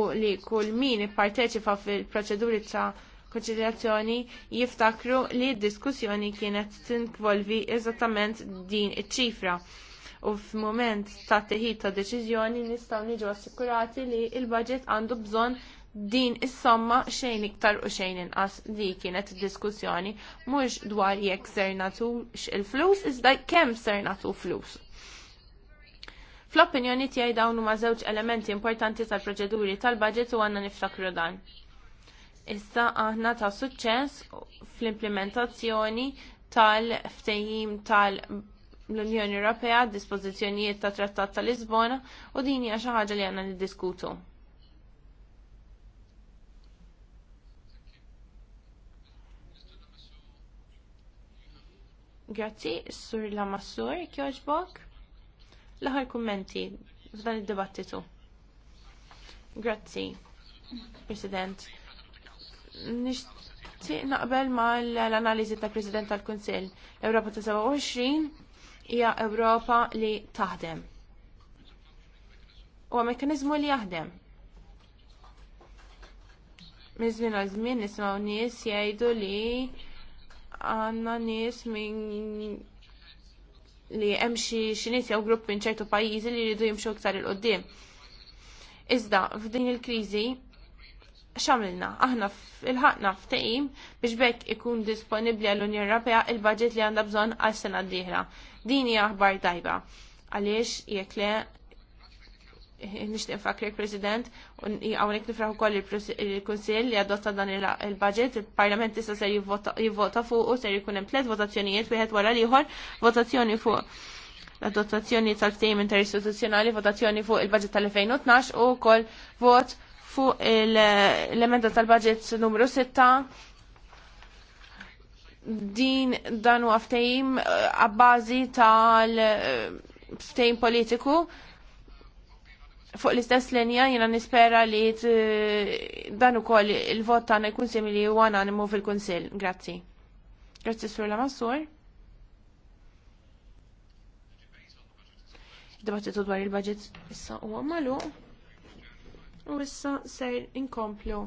[SPEAKER 2] u li kull min ipparteċipa fil-proċeduri ta' konċiljazzjoni jiftakru li d-diskussjoni kienet tinvolvi eżattament din iċ-ċifra. U f'mument ta' teħid ta' deċiżjoni nistgħu niġu assikurati li l budget għandu bżonn din is-somma xejn iktar u xejn inqas li kienet diskussjoni mhux dwar jekk ser natu il-flus iżda kemm ser natu flus. Fl-opinjoni tiegħi dawn huma żewġ elementi importanti tal-proċeduri tal-budget u għandna niftakru dan. Issa aħna ta' suċċess fl-implementazzjoni tal-ftehim tal-Unjoni Ewropea dispożizzjonijiet ta' Trattat ta' Lisbona u din hija xi ħaġa li għandna niddiskutu. Grazzi, Sur Lamassur, kjoġbok. L-aħħar kummenti f'dan id-dibattitu. Grazzi, President nixtieq naqbel ma l-analiżi ta' president tal-Kunsill. Ewropa ta' 27 hija Ewropa li taħdem. Huwa mekkaniżmu li jaħdem. Mizmin għal żmien nismaw nies jgħidu li għandna nies minn li hemm xi nies jew grupp minn ċertu pajjiżi li jridu jimxu iktar il qudiem Iżda f'din il-kriżi xamilna, aħna il-ħakna f'tejim biex bekk ikun disponibli għall-Unjoni Ewropea il-budget li għandha bżonn għal sena d-dieħla. Din hija aħbar tajba. Għaliex jekk le nixtieq nfakrek President u hawnhekk nifraħ ukoll il-Kunsill li adotta dan il-budget, il-Parlament issa ser jivvota fuq u ser jikunem hemm tliet votazzjonijiet wieħed wara l-ieħor votazzjoni fuq l dotazzjoni tal-tejm interistituzzjonali, votazzjoni fuq il-budget tal-2012 u kol vot fuq l-emenda tal-budget numru 6 din dan u għaftajim għabbażi eh, tal-ftajim eh, politiku fuq l-istess linja jina nispera li eh, dan u koll il-vot tana jkun simili u għana nimmu fil-kunsil. Grazzi. Grazzi sur la massur. Dibattitu dwar il-budget issa u għamalu. U issa ser inkomplu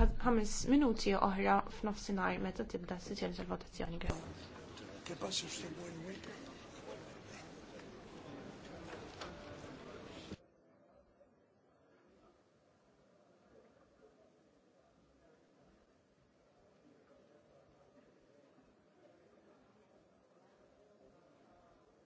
[SPEAKER 2] ħames minuti oħra f'nofsinhar meta tibda s-sitjoni tal-votazzjoni.